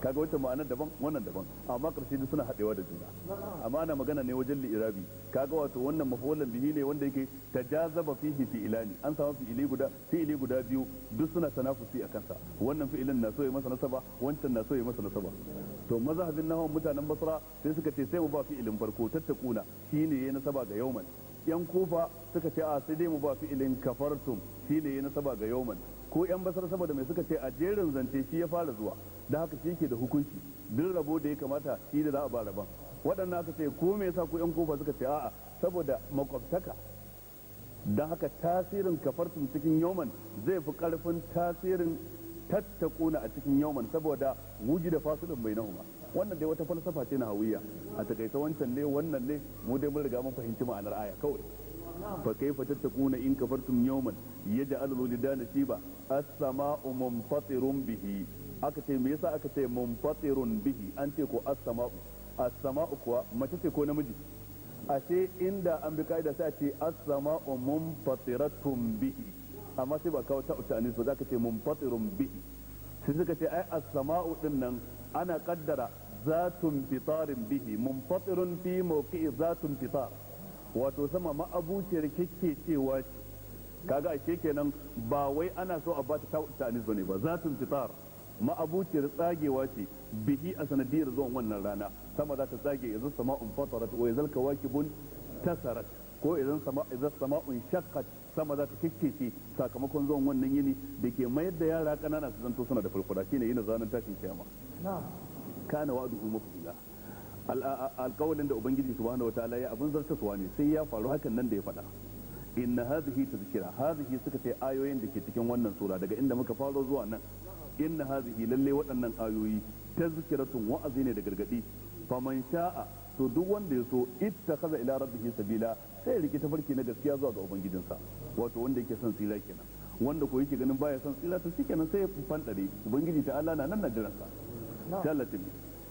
kaga wata ma'ana daban wannan daban amma karshe duk suna haɗewa da juna amma ana magana ne wajen li'irabi kaga wato wannan mafawalan bihi ne wanda yake tajazaba fihi ilani an samu fi'ili guda fi'ili guda biyu duk suna tanafusi a kansa wannan fi'ilin na so ya masa nasaba wancan na so ya masa nasaba to mazhabin nahawan mutanen basra sai suka ce sai mu ba fi'ilin farko tattakuna shine yayi nasaba ga man yan kufa suka ce a sai dai mu ba fi'ilin kafartum shine yayi nasaba ga man. ko yan basar saboda mai suka ce a jerin zance shi ya fara zuwa da haka shi ke da hukunci duk rabo da ya kamata shi da za a ba rabon waɗannan aka ce ko me yasa ko yan kofa suka ce a'a saboda makwabtaka don haka tasirin kafartun cikin yoman zai fi ƙarfin tasirin tattakuna a cikin yoman saboda wuji da fasulun bai nahuma wannan dai wata falsafa ce na hawiya a takaita wancan ne wannan ne mu dai mun riga mun fahimci ma'anar aya kawai fa kayfa tattaquna in kafartum yawman yaj'al al-wildana shiba as-sama'u munfatirun bihi aka ce me yasa aka ce munfatirun bihi an ce ko as-sama'u as-sama'u kuwa mace ce ko namiji ashe inda an bi kaida sai a ce as-sama'u munfatiratun bihi amma sai ba kawo ta utani ba zaka ce munfatirun bihi sai suka ce ai as-sama'u din nan ana kaddara zatun fitarin bihi munfatirun fi mawqi'i zatun fitar wato sama ma'abuciyar kike cewa ce kaga ashe kenan ba wai ana so a bata ta ta'anis bane ba zatun fitar ma'abuciyar tsagewa ce bihi a sanadiyar zuwan wannan rana sama za ta tsage idan sama'un fatarat wa idan kawakibun tasarat ko idan idan sama'un shaqqat sama za ta kikkece sakamakon zuwan wannan yini da ke mayar da yara kanana su zanto suna da fulfura shine na zanen tashin kiyama kana wa'duhu mafuzila alkawalin da ubangiji subhanahu wataala ya abin zartaswa ne sai ya faru hakan nan da ya faɗa inna hazihi tazkira hazihi suka ce ayoyin da ke cikin wannan sura daga inda muka faro zuwa nan inna hazihi lalle waɗannan ayoyi tazkiratun wa'azi ne da gargadi faman sha'a to duk wanda ya so ittakhadha ila rabbihi sabila sai riki tafarki na gaskiya zuwa ga ubangijinsa wato wanda yake son tsira kenan wanda ko yake ganin baya son tsira to shikenan sai ya fandare ubangiji ta'ala na nan na jiransa sallatin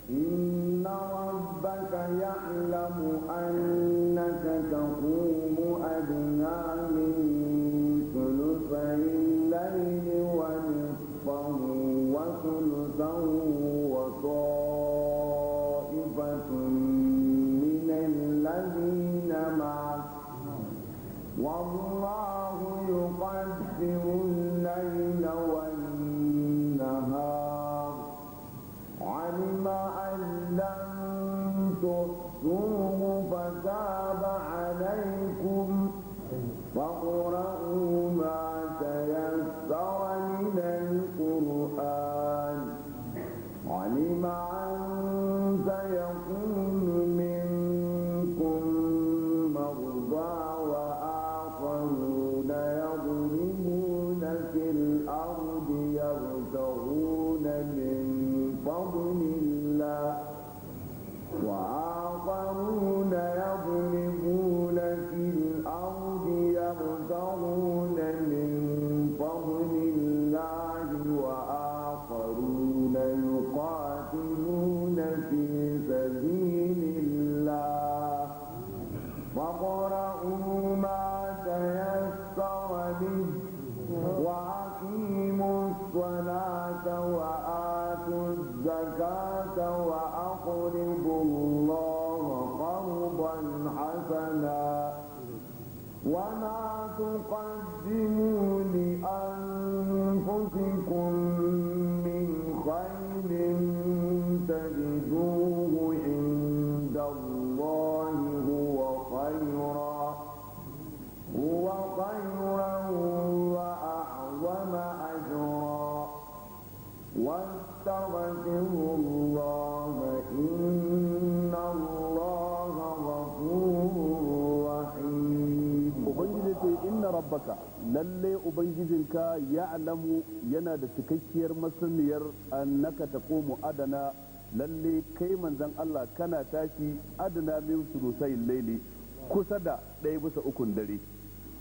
إن ربك يعلم أنك تقوم أدنى من ثلثي الليل ونصفه وثلثه taqumu adana lalle kai manzon Allah kana tashi adana min sulusail laili kusa da ɗaya bisa ukun dare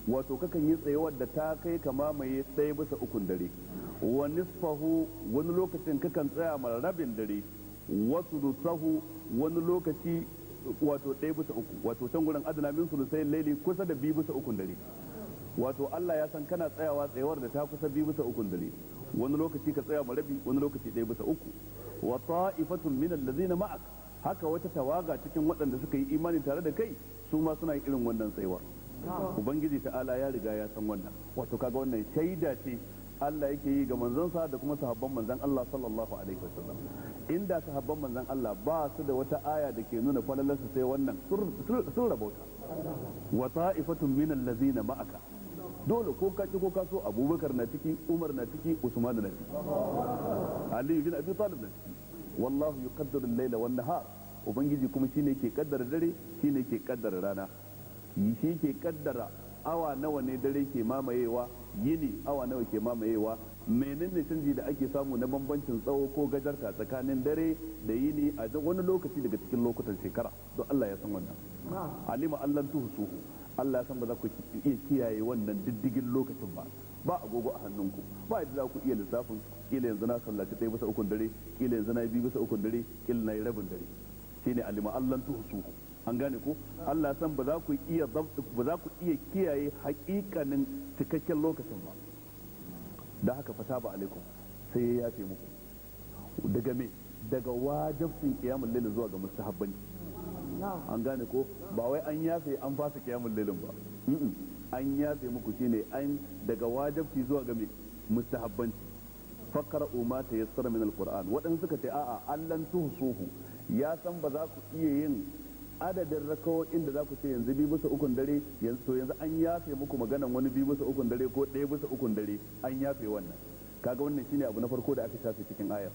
wato kakan yi tsayawar da ta kai ka mamaye ɗaya bisa ukun dare wa nisfahu wani lokacin kakan tsaya mara rabin dare wasu rusahu wani lokaci wato ɗaya bisa uku wato can gurin adana min sulusai laili kusa da bi bisa ukun dare wato Allah ya san kana tsayawa tsayawar da ta kusa bi bisa ukun dare wani lokaci ka tsaya ma rabi wani lokaci ɗaya bisa uku wa ta'ifatun min allazina ma'ak haka wata tawaga cikin waɗanda suka yi imani tare da kai su ma suna irin wannan tsayuwar ubangiji ta'ala ya riga ya san wannan wato kaga wannan shaida ce Allah yake yi ga manzansa da kuma sahabban manzan Allah sallallahu alaihi wasallam inda sahabban manzan Allah ba su da wata aya da ke nuna falalarsu sai wannan sun rabauta wa ta'ifatun min allazina ma'aka dole ko ka ko ka so abubakar na ciki umar na ciki usman na ciki aliyu bin abi talib na ciki wallahu yuqaddiru al-layla wan nahar ubangiji kuma shine ke kaddara dare shine ke kaddara rana shi ke kaddara awa nawa ne dare ke mamayewa yini awa nawa ke mamayewa menene canji da ake samu na bambancin tsawo ko gajarta tsakanin dare da yini a wani lokaci daga cikin lokutan shekara don Allah ya san wannan alima allan suhu Allah ya san ba za ku iya kiyaye wannan diddigin lokacin ba ba agogo a hannunku ba yadda za ku iya lissafin kila yanzu na sallaci ɗaya bisa ukun dare kila yanzu na biyu bisa ukun dare kila na rabin dare shine alima Allah tuhsu an gane ko Allah san ba za ku iya ba za ku iya kiyaye hakikanin cikakken lokacin ba da haka fata ba alaikum sai ya yafe muku daga me daga wajibin kiyamul lail zuwa ga mustahabbani an gane ko ba wai an yafe an fasa kyamun lailin ba an yafe muku shine an daga wajabci zuwa ga me mustahabbanci fakar ma ta yassara min alquran waɗansu suka ce a'a allan tuhsuhu ya san ba za ku iya yin adadin rakawo da za ku ce yanzu bi bisa ukun dare yanzu yanzu an yafe muku maganan wani bi bisa ukun dare ko ɗaya bisa ukun dare an yafe wannan kaga wannan shine abu na farko da aka shafe cikin ayar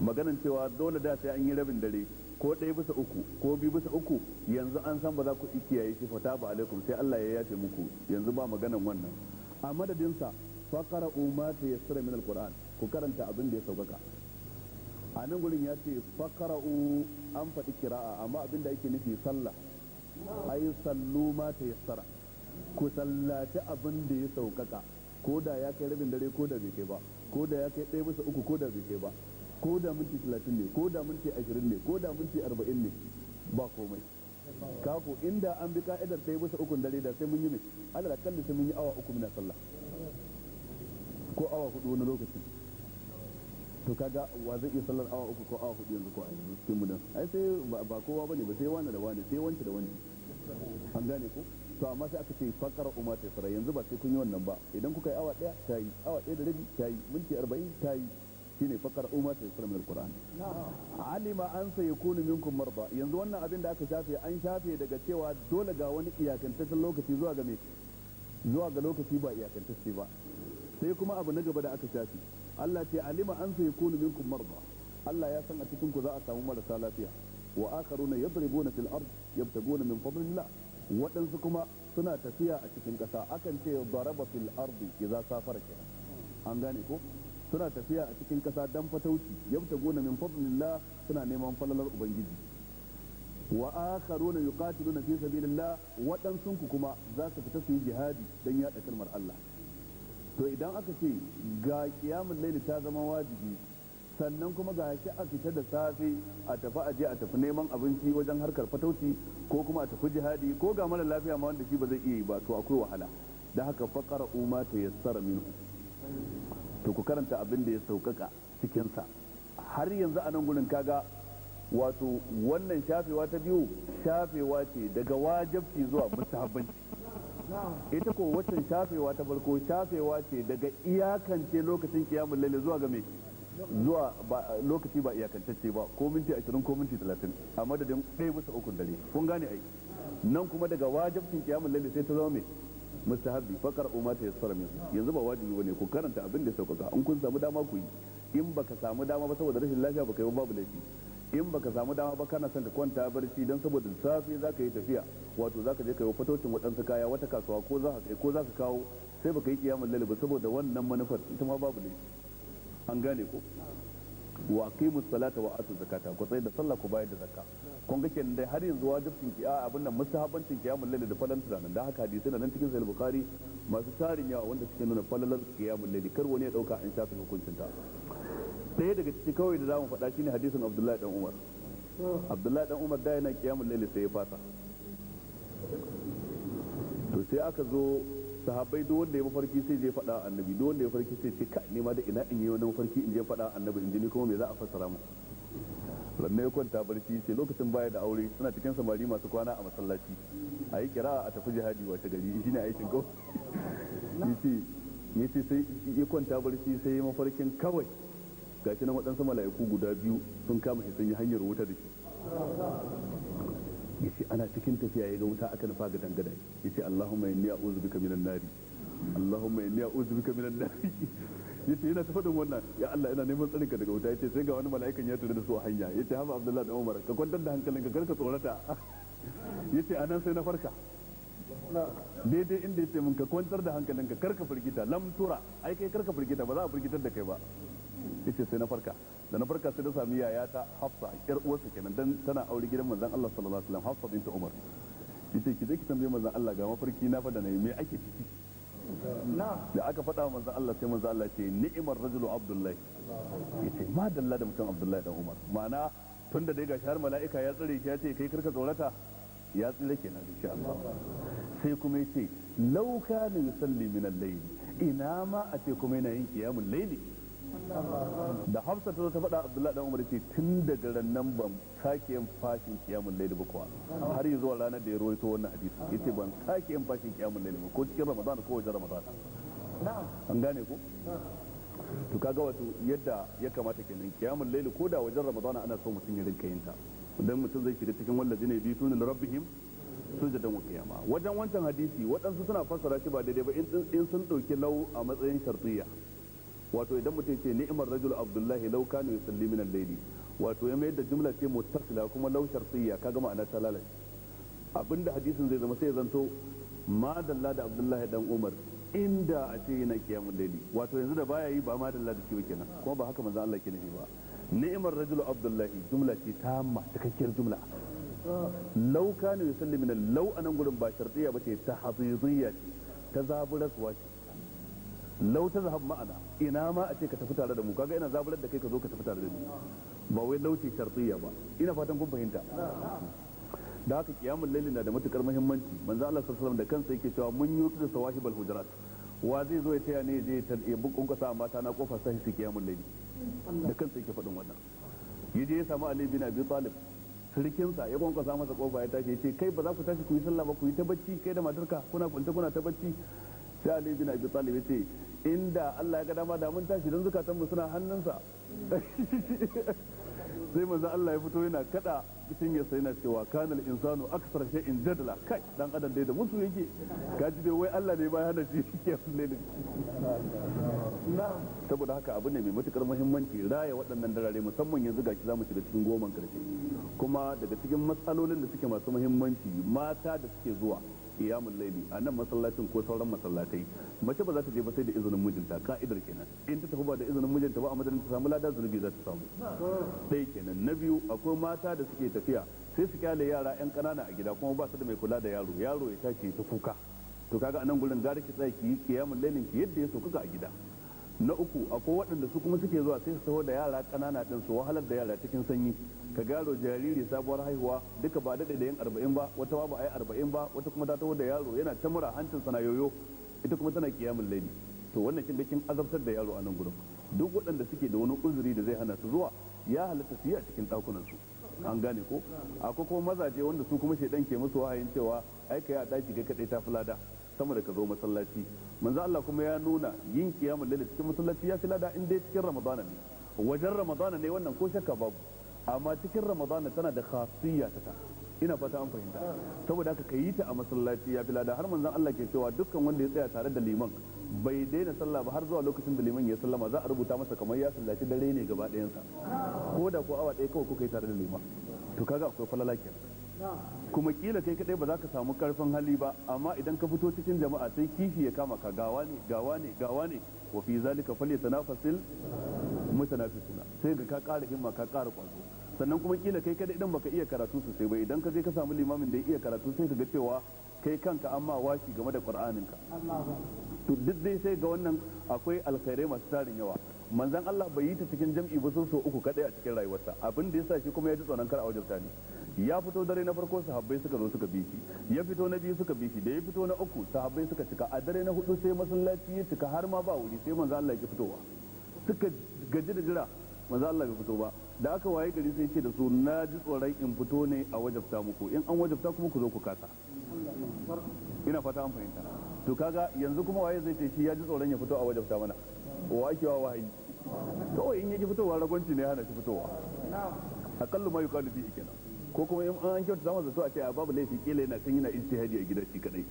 maganan cewa dole da sai an yi rabin dare ko ɗaya bisa uku ko biyu bisa uku yanzu an san ba za ku kiyaye shi fata ba alaikum sai Allah ya yafe muku yanzu ba maganan wannan a madadinsa faqara umma ta yassara min alquran ku karanta abin da ya sauƙaƙa a nan gurin ya ce faqara an faɗi kira'a amma abin da ake nufi sallah ai sallu ma ta yassara ku sallaci abin da ya sauƙaƙa ko da ya kai rabin dare ko da bai kai ba ko da ya kai ɗaya bisa uku ko da bai kai ba ko da minti talatin ne ko da minti ashirin ne ko da minti arba'in ne ba komai kako inda an bi ka'idar sai bisa ukun dare da sai mun yi mai alal kalli sai mun yi awa uku mina sallah ko awa hudu wani lokaci to kaga wa zai iya sallar awa uku ko awa hudu yanzu ko a yanzu cikin mu nan ai sai ba kowa bane ba sai wani da wani sai wanki da wani an gane ko to amma sai aka ce fakar umma ta yanzu ba sai kun yi wannan ba idan kuka yi awa daya ta yi awa daya da rabi ta yi minti arba'in ta yi shine fakar umma ta sura alima an sai yakunu minkum marda yanzu wannan abin da aka shafe an shafe daga cewa dole ga wani iyakantaccen lokaci zuwa ga me zuwa ga lokaci ba iyakantacce ba sai kuma abu na gaba da aka shafe Allah ce alima an sai yakunu minkum marda Allah ya san a cikin ku za a samu marasa lafiya wa akharuna yadribuna fil ard yabtaguna min fadlillah waɗansu kuma suna tafiya a cikin ƙasa akan ce daraba fil ardi idza safara kenan an gane ko suna tafiya a cikin kasa dan fatauci yabta gona min fadlillah suna neman falalar ubangiji wa akharuna yuqatiluna fi sabilillah waɗansun ku kuma za su fita su yi jihadi dan yaɗa kalmar Allah to idan aka ce ga kiyamul laili ta zama wajibi sannan kuma ga shi a fita da safe a tafi aje a tafi neman abinci wajen harkar fatauci ko kuma a tafi jihadi ko ga mara lafiya ma wanda shi ba zai iya yi ba to akwai wahala da haka faqara umma ta yassara minhu to ku karanta abin da ya saukaka cikinsa har yanzu a nan gurin kaga wato wannan shafewa ta biyu shafewa ce daga wajabci zuwa mustahabbanci ita ko waccan shafewa ta farko shafewa ce daga iyakance lokacin kiyamun lalle zuwa ga zuwa zuwa lokaci ba iyakantacce ba ko minti ashirin ko minti talatin a madadin ɗaya bisa ukun dare kun gane ai nan kuma daga wajabcin kiyamun lalle sai ta zama mai mustahabbi fakar umma ta yassara min yanzu ba wajibi bane ku karanta abin da sauƙaƙa in kun samu dama ku yi in baka samu dama ba saboda rashin lafiya baka yi babu laifi in baka samu dama ba kana son ka kwanta barci don saboda safe zaka yi tafiya wato zaka je ka yi fatocin waɗansu kaya wata kasuwa ko za ka kai ko za ka kawo sai baka yi kiyamul lalle ba saboda wannan manufar ita ma babu laifi an gane ko wa aqimu salata wa atu zakata ku tsaya da sallah ku bayar da zakka kun ga kenan dai har yanzu wajibin ki a abin nan mustahabancin kiyamul layl da falan tunanin da haka hadisi nan cikin sahih bukhari masu tarin yawa wanda suke nuna falalar kiyamul layl kar wani ya dauka an shafe hukuncin ta sai daga ciki kawai da zamu faɗa shine hadisin Abdullahi dan Umar Abdullahi dan Umar da yana kiyamul layl sai ya fasa to sai aka zo sahabbai duk wanda ya mafarki sai je faɗa annabi duk wanda ya farki sai ce ka nema da ina in yi wani mafarki in je faɗa annabi in ji ni kuma me za a fassara mu lanne ya kwanta barci sai lokacin baya da aure suna cikin samari masu kwana a masallaci a yi kira a tafi jihadi wata gari shi ne aikin ko ya ce sai ya kwanta barci sai ya mafarkin kawai gashi nan waɗansu mala'iku guda biyu sun kama shi sun yi hanyar wuta da shi yace ana cikin tafiya ya ga wuta aka nufa ga dangada yace Allahumma inni a'udhu bika minan nari Allahumma inni a'udhu bika minan nari <laughs> yace yana ta faɗin wannan ya Allah ina neman tsarin ka daga wuta yace sai ga wani mala'ikan ya tura da su a hanya yace haba Abdullahi dan Umar ka kwantar da ka kar ka tsorata <laughs> yace anan sai na farka daidai inda yace mun ka kwantar da ka kar ka firgita lam tura ai kai kar ka firgita ba za a firgitar da kai ba yace sai na farka da na farka sai na sami ta Hafsa yar uwarsa kenan dan tana aure gidan manzon Allah sallallahu alaihi wasallam Hafsa binta Umar yace ki je ki tambaye manzon Allah ga mafarki na fada nayi me ake ciki da aka faɗa wa manzon Allah sai manzon Allah ce ni'imar rajulu Abdullahi yace ma dalla da mutum Abdullahi dan Umar ma'ana tunda dai ga har mala'ika ya tsare shi ya ce kai karka tsorata ya tsire kenan insha Allah sai kuma yace lauka kana yusalli min al-layl ina ma a ce kuma yana yin qiyamul layli da hafsa ta zo ta faɗa abdullahi dan umar ce tun daga rannan ban sake yin fashin kiyamun laili ba kuwa har yi zuwa ranar da ya rawaito wannan hadisi yace ban sake yin fashin kiyamun laili ba ko cikin ramadan ko wajen ramadan an gane ku to kaga wato yadda ya kamata kenan kiyamun laili ko da wajen ramadan ana so mutum ya rinka yin ta Idan mutum zai shiga cikin wallazi ne bi sunan rabbihim sujadan wa qiyama wajen wancan hadisi waɗansu suna fassara shi ba daidai ba in sun ɗauki lau a matsayin shartiyya wato idan mutum ce ni'mar rajul abdullahi law ne yusalli min al-layli wato ya mayar da jumla ce muttasila kuma law shartiyya kaga ma'ana ta lalace abinda hadisin zai zama sai zanto ma dalla da abdullahi dan umar inda a ce yana kiyamun laili wato yanzu da baya yi ba ma dalla da shi kenan kuma ba haka manzo Allah ke nufi ba ni'mar rajul abdullahi jumla ce ta ma cikakkiyar jumla law kana yusalli min law anan gurin ba shartiyya bace ta haziziyya ce ta zaburaswa ce lau ta zahab ma'ana ina ma a ce ka tafi tare da mu kaga ina zaburar da kai ka zo ka tafi tare da ni ba wai lauci shartiyya ba ina fatan kun fahimta da haka kiyamul laili na da matukar muhimmanci manzo Allah sallallahu alaihi da kansa yake cewa mun yi da sawahibul hujurat wa zai zo ya taya ne zai ta ya bukun kasa mata na kofar sai su kiyamul laili da kansa yake faɗin wannan yaje ya samu Ali bin Abi Talib sirkinsa ya kwankwasa masa kofa ya tashi ya ce kai ba za ku tashi ku yi sallah ba ku yi ta bacci kai da matarka kuna kwance kuna ta bacci sai Ali bin Abi Talib ya ce inda Allah ya ga dama da mun tashi don zukatan mu suna hannunsa sai manzo Allah ya fito yana kada cikin ya sai na cewa kanal insanu aksar shay'in jadala kai dan adam dai da musu yake kaji dai wai Allah ne ba hana shi yake na saboda haka abu ne mai matukar muhimmanci raya waɗannan darare musamman yanzu ki zamu shiga cikin goman karshe kuma daga cikin matsalolin da suke masu muhimmanci mata da suke zuwa qiyamul layli a nan masallacin ko sauran masallatai mace ba za ta je ba sai da izinin mijinta ka'idar kenan in ta tafi ba da izinin mijinta ba a madadin ta samu lada zunubi za ta samu ɗaya kenan na biyu akwai mata da suke tafiya sai su kyale yara yan kanana a gida kuma ba su da mai kula da yaro yaro ya tashi ta kuka to kaga a nan gurin gara ki tsaya ki yi qiyamul laylin ki yadda ya so a gida na uku akwai waɗanda su kuma suke zuwa sai su taho da yara ƙanana ɗin su wahalar da yara cikin sanyi ka garo jariri sabuwar haihuwa duka ba daɗe da yin arba'in ba wata ba ba a yi arba'in ba wata kuma ta taho da yaro yana ta mura hancin sana yoyo ita kuma tana kiyamin laili to wannan kin kin azabtar da yaro a nan gudun duk waɗanda suke da wani uzuri da zai hana su zuwa ya halatta su yi a cikin ɗakunan su an gane ko akwai kuma mazaje wanda su kuma shaidan ke musu wahayin cewa aika ya a ɗaki kai kaɗai ta fi lada sama da ka zo masallaci manzo Allah kuma ya nuna yin kiyamul lail cikin masallaci ya fi lada in dai cikin ramadana ne wajen ramadana ne wannan ko shakka babu amma cikin ramadana tana da khasiyya ta ina fata an fahimta saboda haka ka yi ta a masallaci ya fi lada har manzo Allah ke cewa dukkan wanda ya tsaya tare da liman bai daina sallah ba har zuwa lokacin da liman ya sallama za a rubuta masa kamar ya sallaci dare ne gaba ɗayansa ko da ko awa ɗaya kawai kuka yi tare da liman to kaga akwai falala kenan kuma kila kai kadai ba za ka samu karfin hali ba amma idan ka fito cikin jama'a sai kifi ya kama ka gawa ne gawa ne gawa ne wa fi zalika falyatanafasil mutanafisuna sai ga ka kara himma ka kara kwazo sannan kuma kila kai kadai idan baka iya karatu sosai ba idan ka je ka samu limamin da ya iya karatu sai ka ga cewa kai kanka amma washi game da qur'anin ka to duk dai sai ga wannan akwai alkhairai masu tarin yawa manzon Allah bai yi ta cikin jam'i ba so uku kadai a cikin rayuwarsa abin da yasa shi kuma ya ji tsoron kar a wajabta ne ya fito dare na farko sahabbai suka zo suka bishi ya fito na biyu suka bishi da ya fito na uku sahabbai suka cika a dare na hudu sai masallaci ya cika har ma ba wuri sai manzo Allah ya fitowa suka gaji da jira manzo Allah bai fito ba da aka waye gari sai ce da su na ji tsoron in fito ne a wajabta muku in an wajabta kuma ku zo ku kasa ina fata an fahimta to kaga yanzu kuma waye zai ce shi ya ji tsoron ya fito a wajabta mana wa ake wa wahayi kawai in ki fitowa ragwanci ne hana shi fitowa akallu ma yukalu bihi kenan ko kuma in an kyauta zama zato a ce babu laifi kila yana can yana ijtihadi a gida shi kadai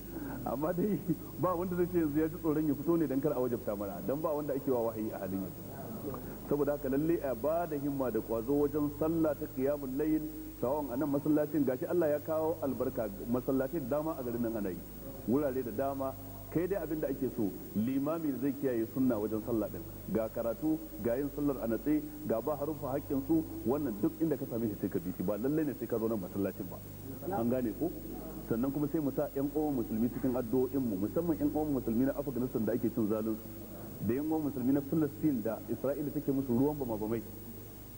amma dai ba wanda zai ce yanzu ya ji tsoron ya fito ne dan kar a wajabta mana dan ba wanda ake wa wahayi a halin yanzu saboda haka lalle a ba da himma da kwazo wajen sallah ta qiyamul layl sawon anan masallacin gashi Allah ya kawo albarka masallacin dama a garin nan ana yi wurare da dama kai dai abin da ake so limami zai kiyaye sunna wajen sallah din ga karatu ga yin sallar a natse ga ba harufa hakkin su wannan duk inda ka same shi sai ka bi shi ba lallai ne sai ka zo nan masallacin ba an gane ko sannan kuma sai mu sa yan uwa musulmi cikin addu'o'in mu musamman yan uwan musulmi na Afghanistan da ake cin zalunsu da yan uwan musulmi na Palestine da Isra'ila take musu ruwan bama bamai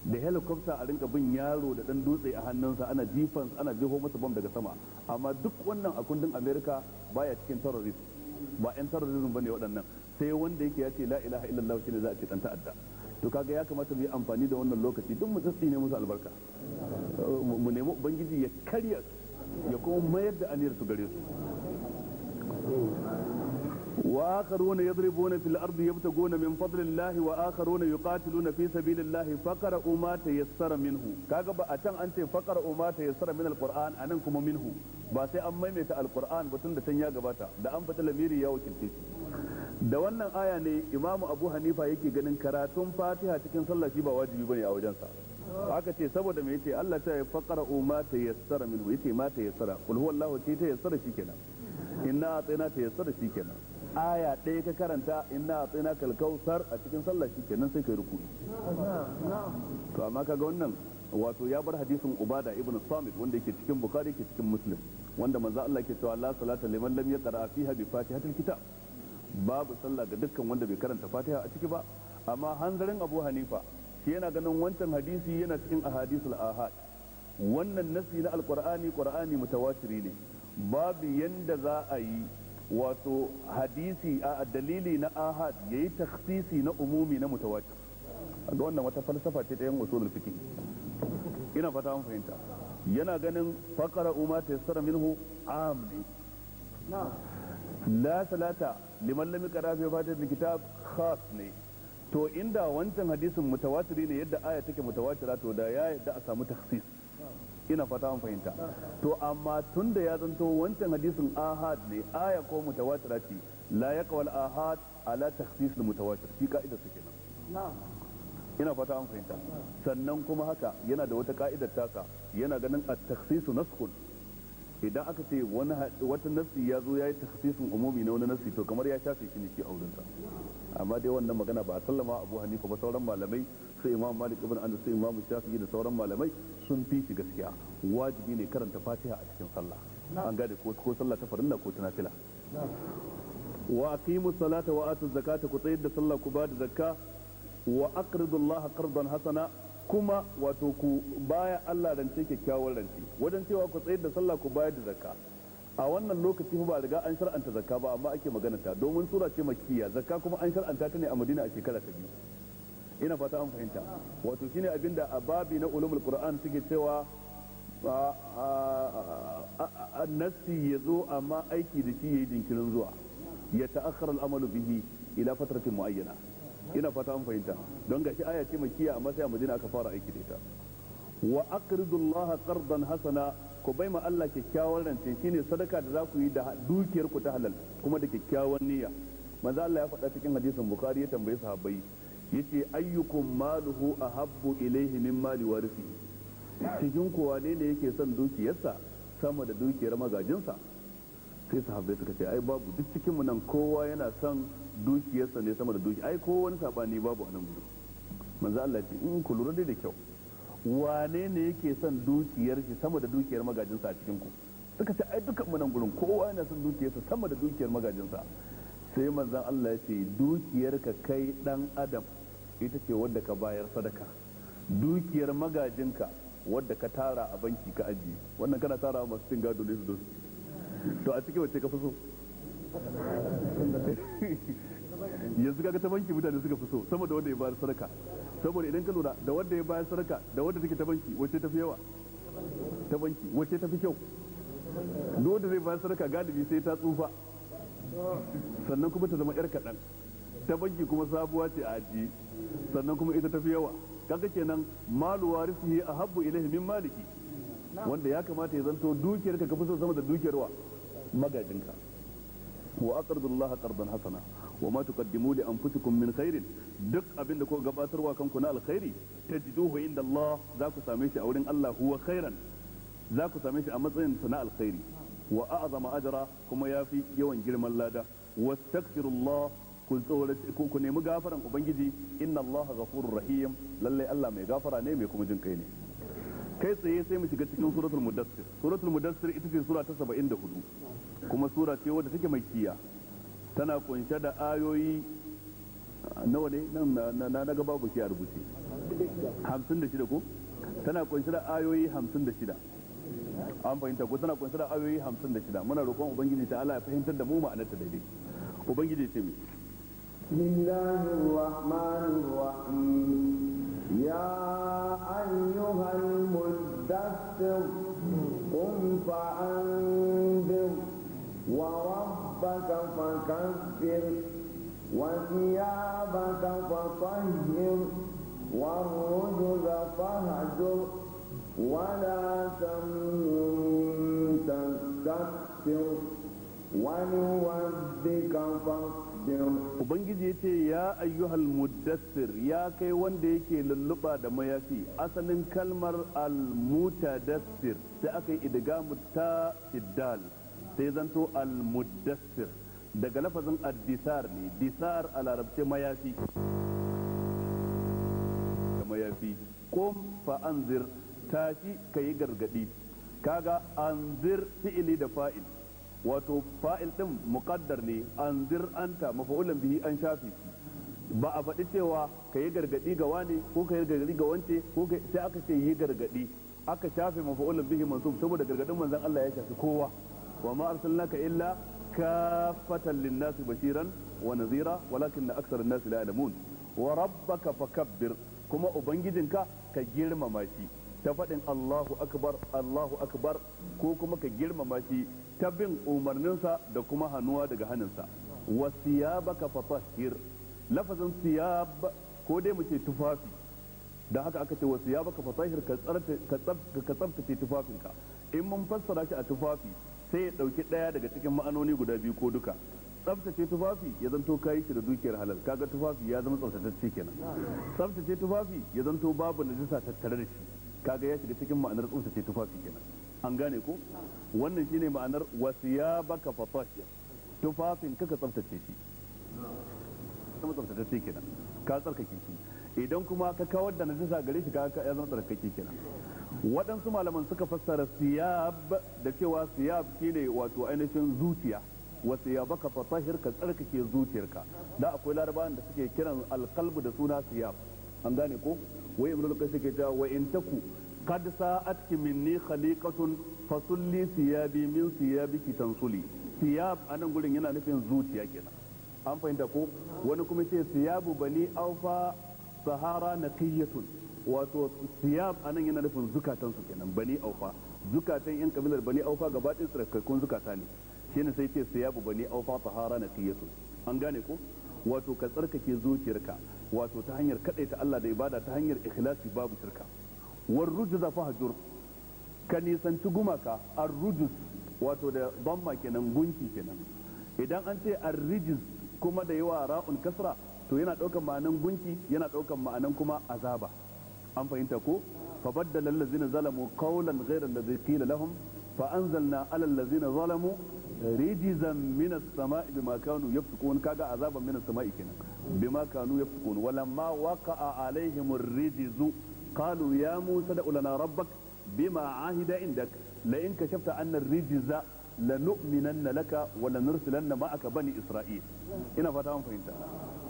da helicopter a rinka bin yaro da dan dutse a hannunsa ana jifan ana jiho masa bomb daga sama amma duk wannan a kundin America baya cikin terrorist ba yan terrorism ne waɗannan sai wanda yake ya ce la ilaha illallah shine za a ce dan ta'adda to kaga ya kamata mu yi amfani da wannan lokaci duk mu tsatsi ne musu albarka mu nemi ubangiji ya karya ya kuma mayar da aniyar su gare su وآخرون يضربون في الأرض يبتغون من فضل الله وآخرون يقاتلون في سبيل الله فقرأوا ما تيسر منه كاغا با أتان أنت فقرأوا ما تيسر من القرآن kuma منه ba sai an maimaita alkur'an batun da can ya gabata da an fata lamiri ya wakilce shi da wannan aya ne imamu abu hanifa yake ganin karatun fatiha cikin sallah shi ba wajibi bane a wajen sa haka ce saboda me yace Allah ta faqara ma tayassara minhu yace ma tayassara kul huwallahu ta tayassara shikenan inna atayna tayassara shikenan aya ɗaya ka karanta inna a tsina kalkausar a cikin sallah shi kenan sai kai ruku to amma kaga wannan wato ya bar hadisin ubada ibn samit wanda yake cikin bukhari yake cikin muslim wanda manzo Allah ke cewa la salata liman lam yaqra fiha bi fatihatil kitab babu sallah ga dukkan wanda bai karanta fatiha a ciki ba amma hanzarin abu hanifa shi yana ganin wancan hadisi yana cikin ahadisul ahad wannan nasi na alqur'ani qur'ani mutawatiri ne babu yanda za a yi wato hadisi a dalili na ahad ya yi taksisi na umumi na mutawatir ga wannan wata falsafa ce ta yan usulul fiqh ina fata mun fahimta yana ganin faqara umma tayassara minhu am ne la salata liman lam yaqra fi fatihatil kitab khas ne to inda wancan hadisin mutawatiri ne yadda aya take mutawatira to da ya yadda a samu taksis ina fata an fahimta to amma tun da ya zanto wancan hadisin ahad ne aya ko mutawatira ce la kawal ahad ala takhsis al mutawatir shi ka'idar su kenan ina fata an fahimta sannan kuma haka yana da wata ka'idar taka yana ganin at takhsis naskhun idan aka ce wani wata nasi ya zo ya yi takhsisin umumi na wani nasi to kamar ya shafe shi ne ke aurinsa amma dai wannan magana ba a sallama abu hanifa ba sauran malamai sai imam malik ibn anas sai imam shafi'i da sauran malamai sun fi shi gaskiya wajibi ne karanta fatiha a cikin sallah an gane ko ko sallah ta farilla ko ta nafila wa aqimu salata wa atu zakata ku tsayar da sallah ku bada zakka wa aqridu Allah qardan hasana kuma wato ku baya Allah rance kyakkyawan rance wajen cewa ku tsayar da sallah ku bayar da zakka a wannan lokaci ba riga an shar'anta zakka ba amma ake magana ta domin sura ce makkiya zakka kuma an shar'anta ta ne a Madina a shekara ta biyu ina fata an fahimta wato shine abinda a babi na ulumul qur'an suke cewa annasi ya zo amma aiki da shi yayi jinkirin zuwa ya ta'akhkhara al'amalu bihi ila fatratin muayyana ina fata an fahimta don gashi aya ce makiya amma sai a madina aka fara aiki da ita wa aqridu allaha qardan hasana ku bai ma Allah kyakkyawan rance shine sadaka da za ku yi da dukiyar ku ta halal kuma da kyakkyawan niyya manzo Allah ya faɗa cikin hadisin bukhari ya tambayi sahabbai yace ayyukum maluhu ahabbu ilayhi min mali warisi cikin kowa ne ne yake son dukiyarsa sama da dukiyar magajinsa sai sahabbai suka ce ai babu duk cikin mu nan kowa yana son dukiyarsa ne sama da duki ai ko wani sabani babu a nan gudu manzo Allah ce in ku lura da kyau wane ne yake son dukiyar shi sama da dukiyar magajinsa a cikin ku suka ce ai dukkan mu nan gurin kowa yana son dukiyarsa sama da dukiyar magajinsa sai manzon Allah ya ce dukiyarka kai dan adam ita ce wadda ka bayar sadaka dukiyar magajinka wadda ka tara a banki ka ajiye wannan kana tara masu cin gado ne su to a cikin wacce ka fi so <laughs> yanzu kaga ta banki mutane suka fi so sama da wanda ya bayar sadaka saboda idan ka lura da wanda ya bayar sadaka da wanda take ta banki wacce ta fi yawa ta banki wacce ta fi kyau duk wanda zai bayar sadaka galibi sai ta tsufa sannan kuma ta zama yar kaɗan ta banki kuma sabuwa ce a ajiye sannan kuma ita tafi yawa kaga kenan malu a ahabbu ilaihi min maliki wanda ya kamata ya zanto dukiyar ka kafi so sama da dukiyar wa magajinka wa aqridu Allah qardan hasana wa ma tuqaddimu li anfusikum min khairin duk abin da ku gabatarwa kanku na alkhairi tajiduhu inda Allah za ku same shi a wurin Allah huwa khairan za ku same shi a matsayin sana na alkhairi wa a'zama ajra kuma yafi yawan girman lada wastaghfirullah ku tsorace ku ku nemi gafaran ubangiji inna allaha ghafurur rahim lalle allah mai gafara ne mai kuma jin kai ne kai tsaye sai mu shiga cikin suratul mudassir suratul mudassir ita ce sura ta 74 kuma sura ce wadda take mai kiya tana kunshe da ayoyi ah, nawa ne nan na ga babu ki a rubuce 56 ko tana kunshe da ayoyi 56 an fahimta ko tana kunshe da ayoyi 56 muna roƙon ubangiji ta Allah ya fahimtar da mu ma'anar ta daidai ubangiji ce mai بسم الله الرحمن الرحيم يا أيها المدثر قم فأنذر وربك فكبر وثيابك فطهر والرجل فاهجر ولا تمن تستكثر ولربك فاصبر ubangiji ya ce ya ayyuhal muddassir ya kai wanda yake lulluɓa da mayafi asalin kalmar al-mutadassir sai aka yi idgamu ta siddal sai zanto al-muddassir daga lafazin addisar ne disar a larabce mayafi da mayafi kom fa anzir tashi ka yi gargadi kaga anzir fi'ili da fa'il wato fa'il ɗin muƙaddar ne an anta mafa'ulan bihi an shafi ba a faɗi cewa ka yi gargaɗi ga wani ko ka yi gargaɗi ga wance ko sai aka ce yi gargaɗi aka shafe mafa'ulan bihi masu saboda gargaɗin manzan Allah ya shafi kowa wa ma ka illa kafatan lin nasu bashiran wa nazira walakin aktsara aksar nasi la wa rabbaka fakabbir kuma ubangijinka ka girmama shi ta faɗin Allahu akbar Allahu akbar ko kuma ka girmama shi ta bin umarninsa da kuma hannuwa daga hannunsa wa siyabaka fatahhir lafazin siyab ko dai mu ce tufafi da haka aka ce wa siyabaka fatahhir ka tsaftace tufafinka in mun fassara shi a tufafi sai ya ɗauki ɗaya daga cikin ma'anoni guda biyu ko duka tsaftace tufafi ya zanto kayi shi da dukiyar halal kaga tufafi ya zama tsaftatacce kenan tsaftace tufafi ya zanto babu najisa tattare da shi kaga ya shiga cikin ma'anar tsutsace tufafi kenan an gane ko wannan shine ma'anar wasiya baka fatashi tufafin ka ka tsaftace shi kuma tsaftace kenan ka tsarkake shi idan kuma ka kawar da najasa gare shi kaga ya zama tsarkake kenan waɗansu malaman suka fassara siyab da cewa siyab shine wato ainihin zuciya wasu ya baka fatahir ka tsarkake zuciyarka da akwai larabawan da suke kiran alkalbu da suna siyab an gane ko wai ibnu al-qasim ke cewa wa in taku kad sa'atki minni khaliqatun fasulli siyabi min siyabiki tansuli siyab anan gurin yana nufin zuciya kenan an fahimta ko wani kuma ce siyabu bani aufa sahara naqiyatun wato siyab anan yana nufin zukatan su kenan bani aufa zukatan yan kabilar bani aufa gaba ɗaya tsarkakun zukata ne shine sai ce siyabu bani aufa sahara naqiyatun an gane ko wato ka tsarkake zuciyarka wato ta hanyar ta Allah da ibada ta hanyar ikhlasi babu shirka war fa hajur ka nisanci gumaka ar rujuz wato da bamma kenan gunki kenan idan an ce ar rijiz kuma da yawa ra'un kasra to yana daukan ma'anan gunki yana daukan ma'anan kuma azaba an fahimta ko fa baddala allazina zalamu qawlan ghayra allazi qila lahum fa anzalna alal ladzina zalamu rijzan min as-sama'i bima kanu yafsukun kaga azaban min as-sama'i kenan bima kanu yafsukun walamma waqa'a alaihim ar-rijzu qalu ya musa da ulana rabbak bima ahida indak la in kashafta anna ar-rijza lanu'minanna laka wa lanursilanna ma'aka bani isra'il ina fata an fahimta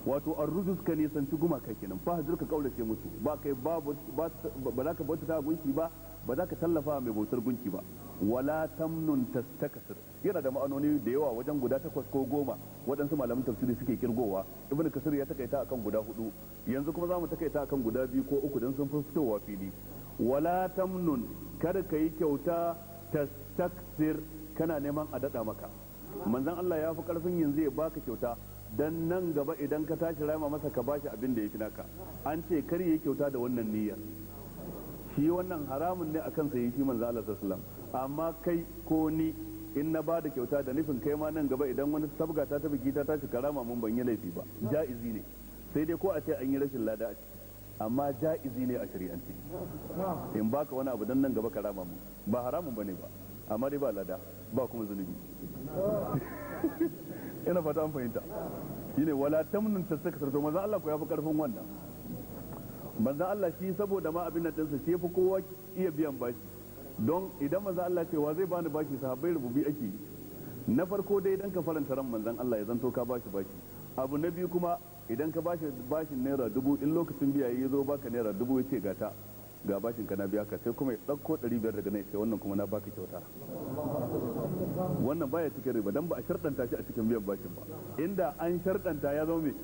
wato arrujus ka nisanci gumaka kenan fa hajjar ka kaulace musu ba kai babu ba za ka bauta gunki ba ba za ka tallafa mai bautar gunki ba wala tamnun tastakasir yana da ma'anoni da yawa wajen guda takwas ko goma waɗansu malaman tafsiri suke kirgowa ibnu kasir ya takaita akan guda hudu yanzu kuma zamu takaita akan guda biyu ko uku dan sun fi fitowa fili wala tamnun kada ka yi kyauta tastaksir kana neman a daɗa maka manzon Allah ya fi karfin yanzu ya baka kyauta dan nan gaba idan ka tashi rama masa ka bashi abin da ya fi naka an ce kar yi kyauta da wannan niyyar shi wannan haramun ne akan sa yi shi manzon Allah sallallahu alaihi amma kai ko ni in na bada kyauta da nufin kai ma nan gaba idan wani sabga ta tafi gita ta shi karama mun ban yi laifi ba ja'izi ne sai dai ko a ce an yi rashin lada amma ja'izi ne a shari'ance in baka wani abu dan nan gaba karama mun ba haramun bane ba amma dai ba lada ba kuma zunubi <laughs> ina fata an fahimta shine wala tamnun tasakasar to manzo Allah ko fi karfin wannan manzo Allah shi saboda ma abin nan dinsa shi fi kowa iya biyan bashi don idan maza Allah ce wa zai bani bashi sahabbai rububi ake na farko dai idan ka faranta ran manzan Allah ya zanto ka bashi bashi abu na biyu kuma idan ka bashi bashin naira dubu in lokacin biya ya zo baka naira dubu ya ce gata ga bashin ka na biya ka sai kuma ya ɗauko ɗari biyar daga nan sai wannan kuma na baka kyauta wannan baya cikin riba dan ba a sharɗanta shi a cikin biyan bashin ba inda an sharɗanta ya zama mai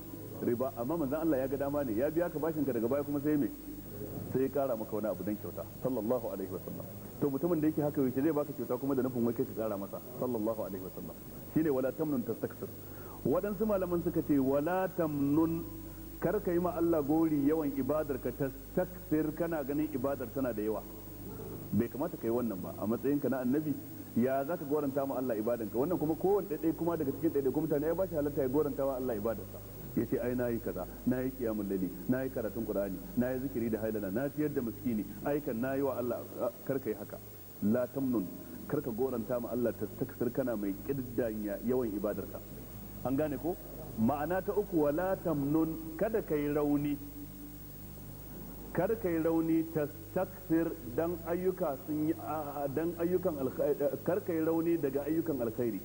riba amma manzan Allah ya ga dama ne ya biya ka bashin ka daga baya kuma sai mai sai ya kara maka wani abu don kyauta sallallahu alaihi wasallam to mutumin da yake haka yaushe zai baka cuta kuma da nufin wai kai ka kara masa sallallahu alaihi wasallam shine wala tamnun tastaksir waɗansu malaman suka ce wala tamnun kar ka yi ma Allah gori yawan ibadar ka tastaksir kana ganin ibadar tana da yawa bai kamata ka yi wannan ba a matsayin ka na annabi ya za ka goranta ma Allah ibadanka wannan kuma kowanne ɗaiɗai kuma daga cikin ɗaiɗai kuma mutane ya ba shi halatta ya goranta ma Allah ibadarsa ya ce ai na yi kaza nayi qiyamul layli nayi karatun qur'ani nayi zikiri da hailana na ciyar da miskini ai kan nayi wa Allah karka yi haka la tamnun karka goranta ma Allah ta taksir kana mai kiddanya yawan ibadarka an gane ko ma'ana ta uku wa wala tamnun kada kai rauni kai rauni ta taksir dan yi dan ayyukan alkhairi kar daga ayyukan alkhairi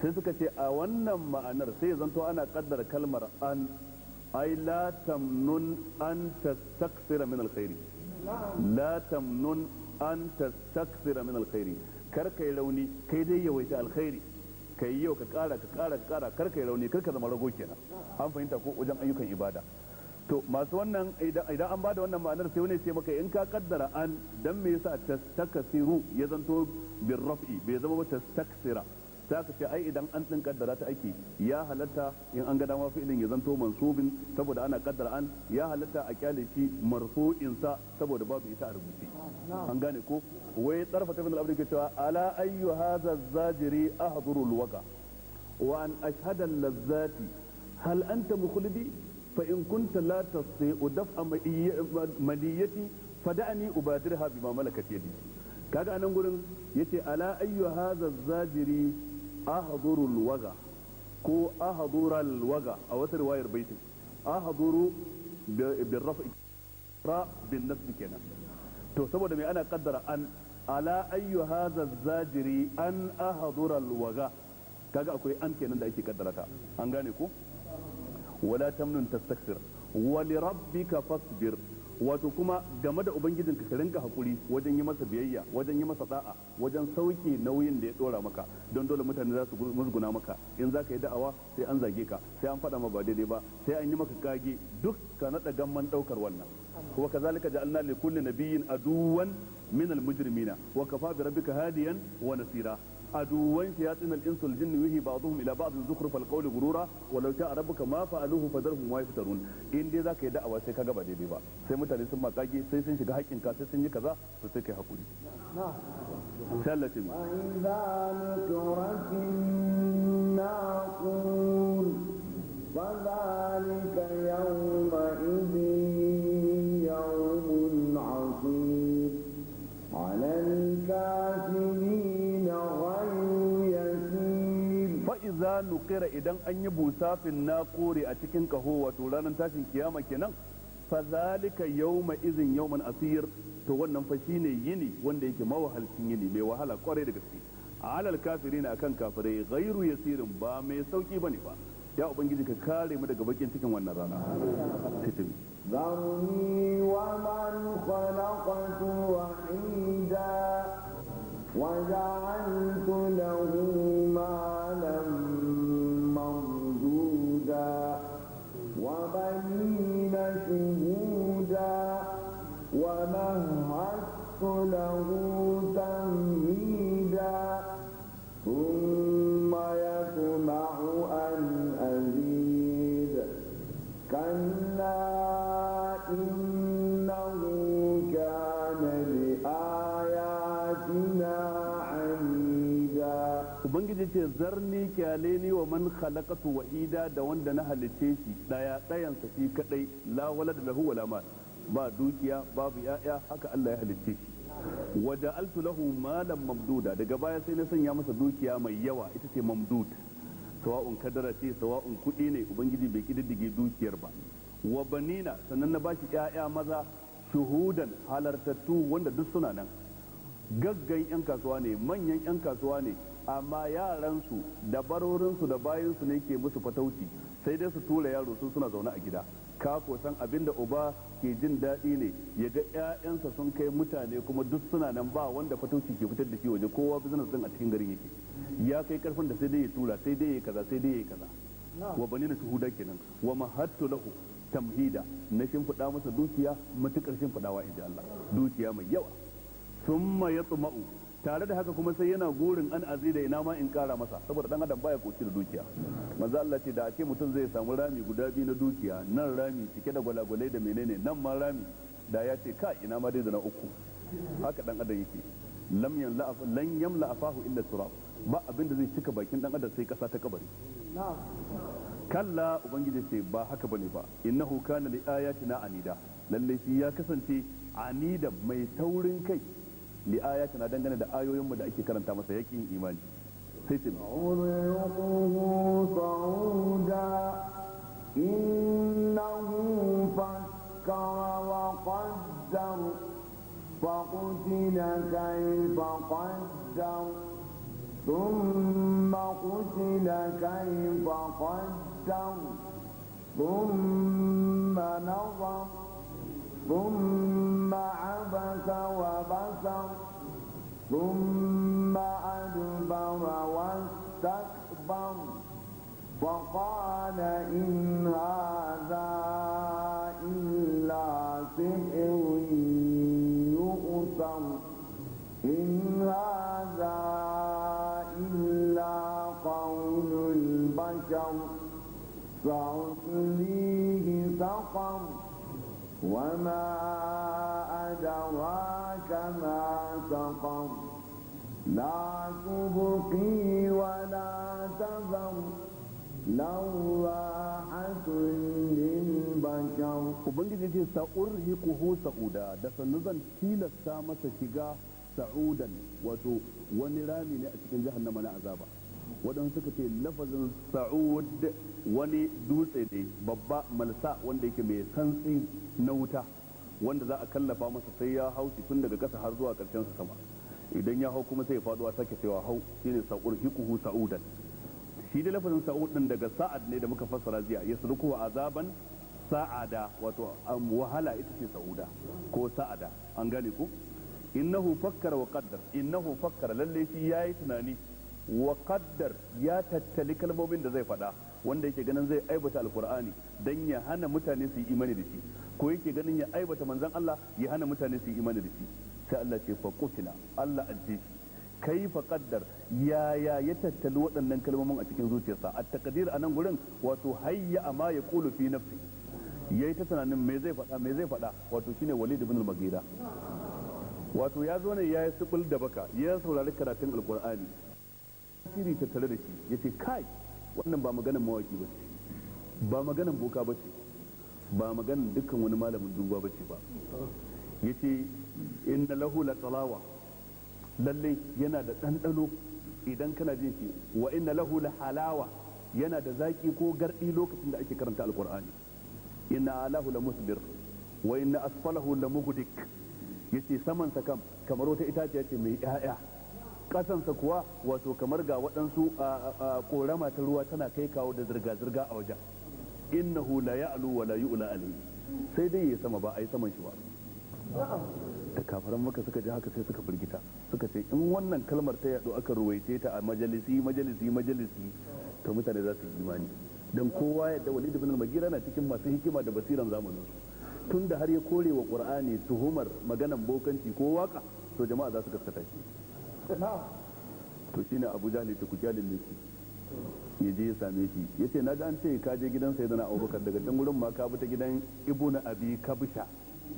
sai suka ce a wannan ma'anar sai zanto ana kaddara kalmar an ai la tamnun an tastaksira min alkhairi la tamnun an tastaksira min alkhairi kar kai rauni kai dai yawaita alkhairi kai yau ka kara ka kara ka kara kar kai rauni kar ka zama rago kenan an fahimta ko wajen ayyukan ibada to masu wannan idan an bada wannan ma'anar sai wani ce maka in ka kaddara an dan me yasa tastakasiru ya zanto bin raf'i bai zama ba tastaksira ta aka ce ai idan an din kaddara ta ake ya halatta in an ga dama fi'ilin ya zanto mansubin saboda ana kaddara an ya halatta a kyale shi marfu'in sa saboda babu ita a rubuce an gane ko wai tsarfa ta bin al cewa ala ayyu hadha zajiri ahduru al wa an ashhada lazzati hal anta mukhlidi fa in kunta la tastati'u daf'a maliyati fada'ani ubadirha bima kaga anan gurin yace ala ayyu ahdurul waga ko ahdural waga a wata riwayar baitin ahduru bil raf'i ra bin nasbi kenan to saboda mai ana kaddara an ala ayyu hadha zajiri an ahdural waga kaga akwai an kenan da ake kaddara ta an gane ko wala tamnun tastakthir wa li rabbika fasbir wato kuma game da ubangijin ka rinka hakuri wajen yi masa biyayya wajen yi masa da'a wajen sauke nauyin da ya dora maka don dole mutane za su musguna maka in za ka yi da'awa sai an zage ka sai an faɗa ma ba daidai ba sai an yi maka kage duk ka naɗa gamman ɗaukar wannan wa kazalika ja'alna li kulli nabiyyin aduwan min al-mujrimina wa kafa bi rabbika hadiyan wa nasira عدوين شياطين الانس والجن يوهي بعضهم الى بعض زخرف القول غرورا ولو شاء ربك ما فعلوه فذرهم وما يفترون ان دي ذاك دعوه سي كغا با ديبا سي متاني سن ما سي سن شيغا حقين سي سن يي تو سي كاي حقوري نعم سلتي واذا نكرت نقول فذلك يوم idza nuqira idan an yi busafin kore a cikin kaho wato ranar tashin kiyama kenan fa zalika yawma izin yawman asir to wannan fa shine yini wanda yake mawahalcin yini mai wahala kwarai da gaske alal kafirin akan kafirai ghairu yasirin ba mai sauki bane ba ya ubangiji ka kare mu daga bakin cikin wannan rana wa ذرني wa خلقت وحيدا وجعل iyalai ni wa man khalaqatu wahida da wanda na halice shi daya dayan sa shi kadai la walad lahu wala mal ba dukiya babu yaya haka Allah ya halice shi wa ja'altu lahu malan mamduda daga baya sai na sanya masa dukiya mai yawa ita ce mamdud sawa'un kadara ce sawa'un kudi ne ubangiji bai kididdige dukiyar ba wa banina sannan na bashi yaya maza shuhudan halartattu wanda duk suna nan gaggan yan kasuwa ne manyan yan kasuwa ne amma yaransu da barorinsu da bayansu ne ke musu fatauci sai dai su tura yaro sun suna zaune a gida ka ko san abin da uba ke jin daɗi ne ya ga 'ya'yansa sun kai mutane kuma duk suna nan ba wanda fatauci ke fitar da shi waje kowa business din a cikin garin yake ya kai karfin da sai dai ya tura sai dai ya kaza sai dai ya kaza wa bani na shuhuda kenan wa mahattu lahu tamhida na shimfiɗa masa dukiya matukar shimfiɗawa inji Allah dukiya mai yawa summa yatma'u tare da haka kuma sai yana gurin an azi da ina ma in kara masa saboda dan adam baya koci da dukiya manzo Allah ce da a ce mutum zai samu rami guda biyu na dukiya nan rami cike da gwalagwale da menene nan ma rami da ya ce ka ina ma dai da na uku haka dan adam yake lam yamla lan yamla afahu illa turab ba abinda zai cika bakin dan adam sai kasa ta kabari kalla ubangiji ce ba haka bane ba innahu kana li ayatina anida lalle shi ya kasance anida mai taurin kai li tana dangane da ayoyin mu da ake karanta masa yakin imani sai ce إنه فكر وقدر فقتل كيف قدر ثم قتل كيف قدر ثم نظر ثم فقال إن هذا إلا سحر يؤثر إن هذا إلا قول البشر سأصليه سقر وما أدراك ما سقر لا تبقي ubangiji ce sa'urhiquhu sa'uda da sannu zan tilasta masa shiga sa'udan wato wani rami ne a cikin jihar na azaba waɗansu suka ce lafazin sa'ud wani dutse ne babba malsa wanda yake mai santsi na wuta wanda za a kallafa masa sai ya hau tun daga ƙasa har zuwa ƙarshen sa sama idan ya hau kuma sai ya a sake cewa hau shine sa'urhiquhu sa'udan shi da lafazin sa'ud din daga sa'ad ne da muka fassara jiya yasruku azaban sa'ada wato wahala ita ce sa'uda ko sa'ada an gane ku innahu fakkara wa qaddar innahu fakkara lalle shi yayi tunani wa qaddar ya tattali kalmomin da zai faɗa wanda yake ganin zai aibata alqur'ani dan ya hana mutane su yi imani da shi ko yake ganin ya aibata manzon Allah ya hana mutane su yi imani da shi sai Allah ce fa qutila Allah ajje shi kai fa qaddar ya ya tattali waɗannan kalmomin a cikin zuciyarsa at taqdir anan gurin wato hayya ma yaqulu fi nafsihi yayi ta tunanin me zai faɗa me zai faɗa wato shine Walid ibn al-Mughira wato ya zo ne ya yi sibil da baka ya saurari karatun alkur'ani tasiri ta tare da shi ya ce kai wannan ba maganan mawaki ba ce ba maganan boka ba ce ba maganan dukkan wani malamin duba ba ce ba ya ce inna lahu la talawa lalle yana da ɗanɗano idan kana jin shi wa inna lahu la halawa yana da zaki ko garɗi lokacin da ake karanta alkur'ani inna alahu la musbir wa inna asfalahu la mughdik yace saman sa kam kamar wata itaciya ce mai ƴaƴa kasan sa kuwa wato kamar ga waɗansu korama ta ruwa tana kai kawo da zirga zirga a wajen innahu la ya'lu wa la yu'la alayhi sai dai ya sama ba a yi saman shi ba da kafaran maka suka ji haka sai suka firgita suka ce in wannan kalmar ta yaɗo aka ruwaice ta a majalisi majalisi majalisi to mutane za su yi imani don kowa yadda walid ibn al-mughira na cikin masu hikima da basiran zamanin su da har ya kore wa qur'ani tuhumar maganan bokanci ko waka to jama'a za su gaskata shi to shine abu jahli ta kujalin ne ya je ya same shi yace naga an ce ka je gidan sayyidina abubakar daga can gurin ma ka bi ta gidan ibnu abi kabsha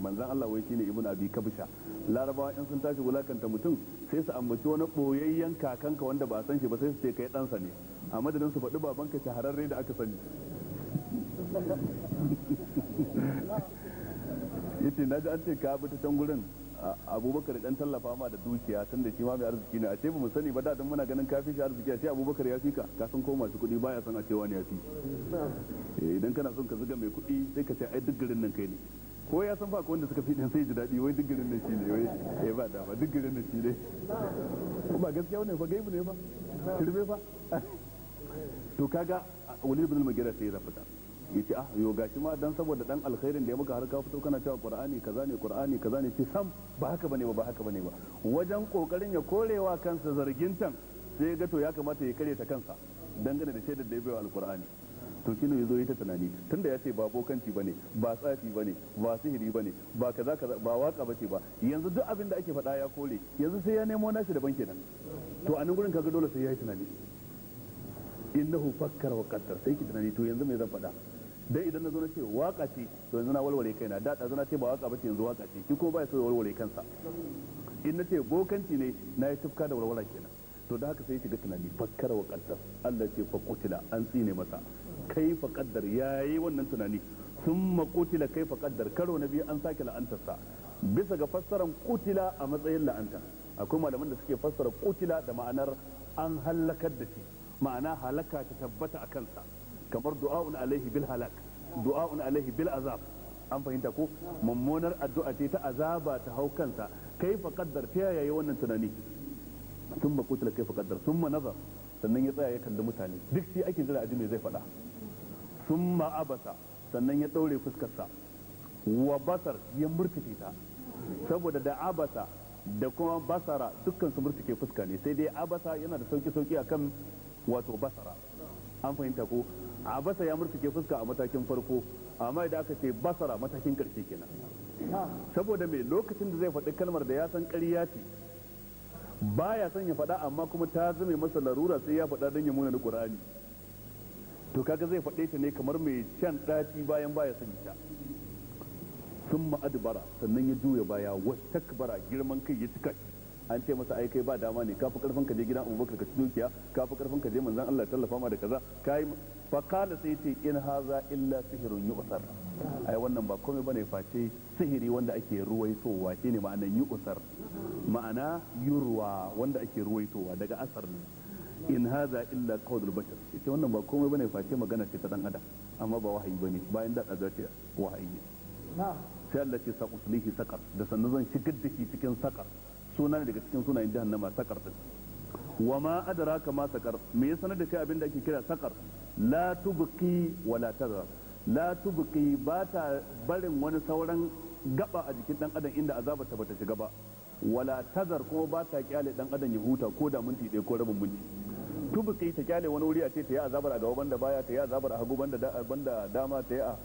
manzan Allah wai shine ibn abi kabsha larabawa in sun tashi wulakanta mutum sai su ambaci wani boyayyen kakanka wanda ba san shi ba sai su ce kai ɗansa ne a madadin su faɗi babanka shahararre da aka sani <laughs> yace na ji an ce ka bi ta can gurin abubakar dan tallafa ma da dukiya tun da shi ma mai arziki ne a ce mu sani ba da dan muna ganin kafi shi arziki a ce abubakar ya fika ka san ko masu kuɗi baya son a cewa ne ya fi eh, idan kana son ka zuga mai kuɗi sai ka ce ai duk garin nan kai ne ko ya san ba ko wanda suka fi dan sai ji daɗi wai duk garin nan shi ne wai eh ba da ba duk garin nan shi ne ba gaskiya ne ba gaibu ne ba kirbe ba to kaga wani ibn al-mugira sai ya fita yace ah yo gashi ma dan saboda dan alkhairin da ya maka har ka fito kana cewa qur'ani kaza ne qur'ani kaza ne ce sam ba haka bane ba ba haka bane ba wajen kokarin ya korewa kansa zargin tan sai ga to ya kamata ya kare ta kansa dangane da shaidar da ya bayar alkur'ani to kino yazo yi ta tunani tunda ya ce ba bokanci bane ba tsafi bane ba sihiri bane ba kaza kaza ba waka bace ba yanzu duk abin da ake faɗa ya kore yanzu sai ya nemo nashi daban kenan to a nan gurin kaga dole sai ya yi tunani innahu fakkara wa qaddar sai ki tunani to yanzu me zan faɗa dan idan na zo na ce waka ce to yanzu na walwale kaina da da na ce ba waka bace yanzu waka ce shi ko ba ya so ya walwale kansa in na ce bokanci ne na yi tufka da walwala kenan to da haka sai shiga tunani fakkara wa qaddar Allah ce fa qutila an tsine masa kai fa qaddar yayi wannan tunani sun ma kutila kai fa qaddar karo na biyu an sake la'antarsa bisa ga fassaran kutila a matsayin la'anta akwai malaman da suke fassara kutila da ma'anar an halakar da shi ma'ana halaka ta tabbata a kansa kamar du'a'un alaihi bil halak du'a'un alaihi bil azab an fahimta ko mummunar addu'a ce ta azaba ta hau kansa kai fa kaddar ta yayi wannan tunani sun ba kutula kaddar ma nazar sannan ya tsaya ya kalli mutane duk shi ake jira aji zai faɗa sun ma abasa sannan ya ɗaure fuskarsa wa basar ya murtufe ta saboda da abasa da kuma basara dukkan su murtuke fuska ne sai dai abasa yana da sauki sauki akan wato basara an fahimta ko a basa ya murtuke fuska a matakin farko amma idan aka ce basara matakin karshe kenan saboda mai lokacin da zai faɗi kalmar da ya san ƙarya ce baya son ya faɗa amma kuma ta zama masa larura sai ya faɗa don ya muna da ƙur'ani to kaga zai faɗe ta ne kamar mai shan ɗaci bayan baya son ya sun ma'adubara sannan ya juya baya wasu takbara girman kai ya cika an ce masa ai kai ba dama ne kafi karfin ka je gidan Abubakar ka ci dukiya kafi karfin ka je manzon Allah tallafa ma da kaza kai fa kana sai ce in haza illa sihrun yu'sar ai wannan ba komai bane face sihiri wanda ake ruwaitowa shine ma'anar yu'sar ma'ana yurwa wanda ake ruwaitowa daga asar ne in haza illa qawlul bashar ita wannan ba komai bane face magana ce ta dan adam amma ba wahayi bane bayan da kaza ce wahayi ne sai Allah ce sa uslihi saqar da sannu zan shigar da shi cikin saqar suna ne daga cikin sunayen jahannama sakar din wa ma adraka ma sakar me ya sanar da kai abinda da ake kira sakar la tubqi wa la tazar la tubqi ba ta barin wani sauran gaba a jikin dan adam inda azaba ta bata shiga ba wala tazar ko ba ta kyale dan adam ya huta ko da minti ɗaya ko rabin minti tubuki ta kyale wani wuri a ce ta yi azabar a gaba banda baya ta yi azabar a hagu banda dama ta yi a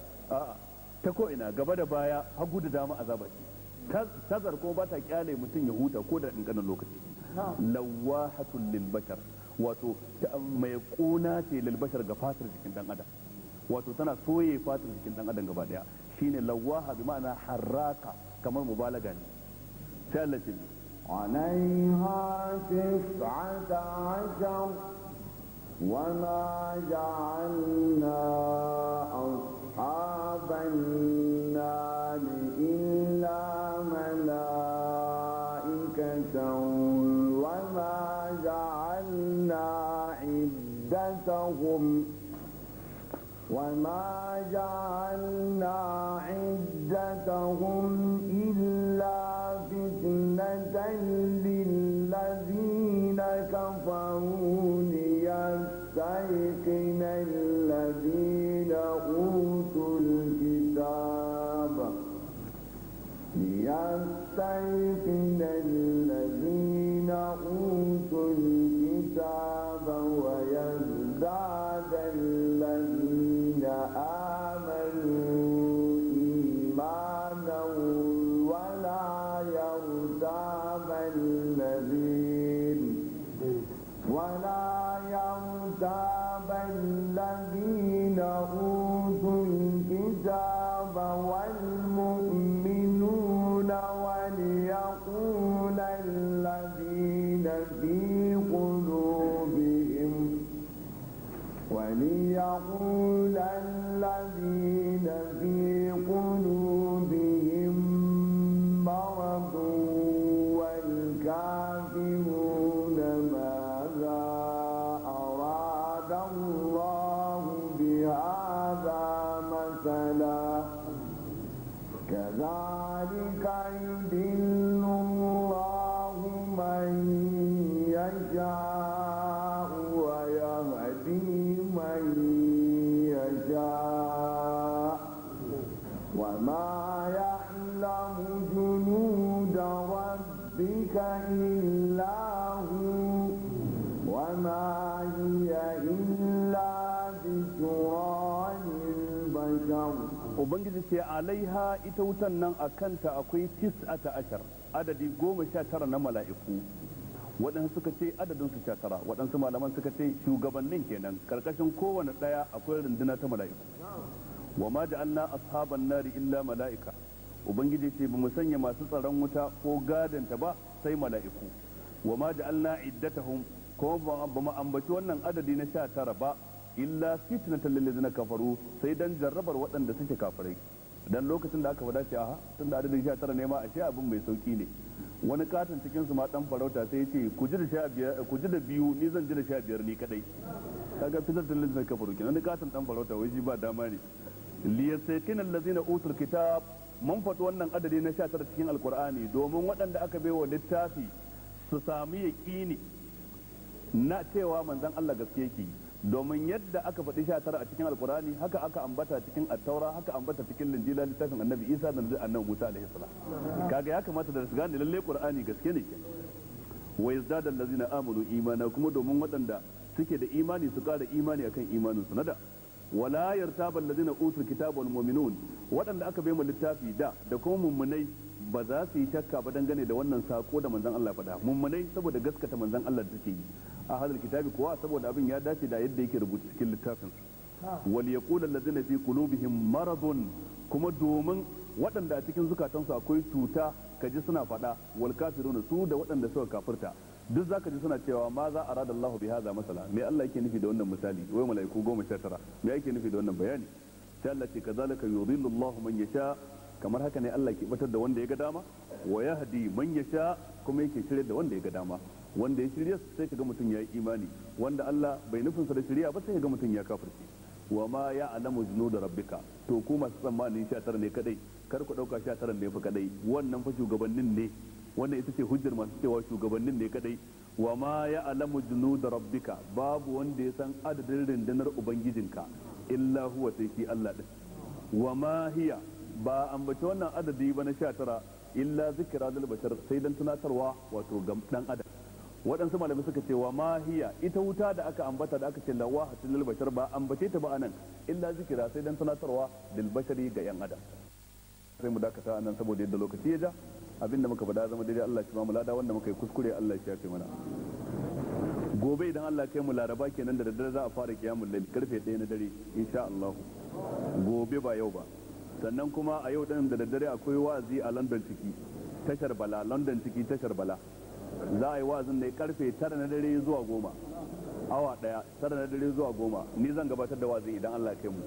ta ko ina gaba da baya hagu da dama azabar ce ta ko ba ta kyale mutum ya huta ko da ɗanƙanin lokaci lawahatun lilbashar wato ta mai ƙuna ce lilbashar ga fatar jikin ɗan adam wato tana soye fatar jikin ɗan adam gaba ɗaya shine lawaha bi ma'ana harraka kamar mubalaga ne sai Allah ce عليها تسعة عشر وما جعلنا أصحاب النار illa? عدتهم وما جعلنا عدتهم إلا فتنة ce alaiha ita wutan nan a kanta akwai tis'ata ashar adadi goma sha tara na mala'iku waɗansu suka ce adadin su sha tara waɗansu malaman suka ce shugabannin kenan karkashin kowane ɗaya akwai runduna ta mala'iku wa ma ja'alna ashaban nari illa mala'ika ubangiji ce ba mu sanya masu tsaron wuta ko gadanta ba sai mala'iku wa ma ja'alna iddatahum kuma ba mu ambaci wannan adadi na sha tara ba illa fitnatan lil ladina kafaru sai dan jarrabar waɗanda suke kafirai dan lokacin da aka fada shi aha tun da adadin sha tara ne ma a shi abin mai sauki ne wani katon cikin su ma dan farauta sai ya ce ku ji da sha biyar ku ji da biyu ni zan ji da sha biyar ni kadai kaga fitar da lissafin kafaru kenan wani katon dan farauta wai shi ba dama ne liyasakin allazina utul kitab mun faɗi wannan adadi na sha tara cikin alkur'ani domin waɗanda aka baiwa littafi su sami yaƙini na cewa manzon Allah gaske yake yi domin yadda aka faɗi sha tara a cikin alkurani haka aka ambata cikin attaura haka ambata cikin linjila littafin annabi isa da annabi musa alaihi salam kaga ya kamata da su gane lalle qur'ani gaske ne ke wa yazdada allazina amanu imana kuma domin waɗanda suke da imani su ƙara imani akan imanin su nada wala yartaba allazina utul kitaba wal mu'minun waɗanda aka bai mu littafi da da kuma mummunai ba za su yi shakka ba dangane da wannan sako da manzon Allah faɗa mummunai saboda gaskata manzon Allah da take yi a hadal kitabi kuwa saboda abin ya dace da yadda yake rubuta cikin littafin wal yaqul allazina fi qulubihim maradun kuma domin waɗanda a cikin su akwai cuta kaji suna faɗa wal kafiruna su da waɗanda suka kafirta duk zaka ji suna cewa ma za arada Allah bi hadha masala me Allah yake nufi da wannan misali wai malaiku 19 me yake nufi da wannan bayani sai Allah ce kazalika yudhillu Allah man yasha kamar haka ne Allah ke batar da wanda ya ga dama wa yahdi man yasha kuma yake shirye da wanda ya ga dama wanda ya shirya sai ga mutum ya yi imani wanda Allah bai nufinsa da shirya ba sai ga mutum ya kafirce wa ma ya alamu zinu da rabbika to ku masu tsammanin sha tara ne kadai kar ku dauka sha tara ne fa kadai wannan fa shugabannin ne wannan ita ce hujjar masu cewa shugabannin ne kadai wa ma ya alamu zinu da rabbika babu wanda ya san adadin rindinar ubangijinka illa huwa sai shi Allah din wa ma hiya ba ambaci wannan adadi ba na sha tara illa zikira lil bashar sai dan tunatarwa wato ga dan adam waɗansu malamai suka ce wa mahiya ita wuta da aka ambata da aka ce lawa hatin lil bashar ba ambace ta ba anan illa zikira sai dan sanatarwa lil bashari ga yan adam sai mu dakata nan saboda yadda lokaci ya ja abinda muka faɗa zama daidai Allah shi ma lada wanda muka yi kuskure Allah shi ya fi mana gobe idan Allah kai mu laraba kenan da daddare za a fara kiyamul lail karfe 1 na dare insha Allah gobe ba yau ba sannan kuma a yau din da daddare akwai wa'azi a London ciki tashar bala London ciki tashar bala za a yi wa'azin ne karfe tara na dare zuwa goma awa daya tara na dare zuwa goma ni zan gabatar da wa'azin idan allah ya kai mu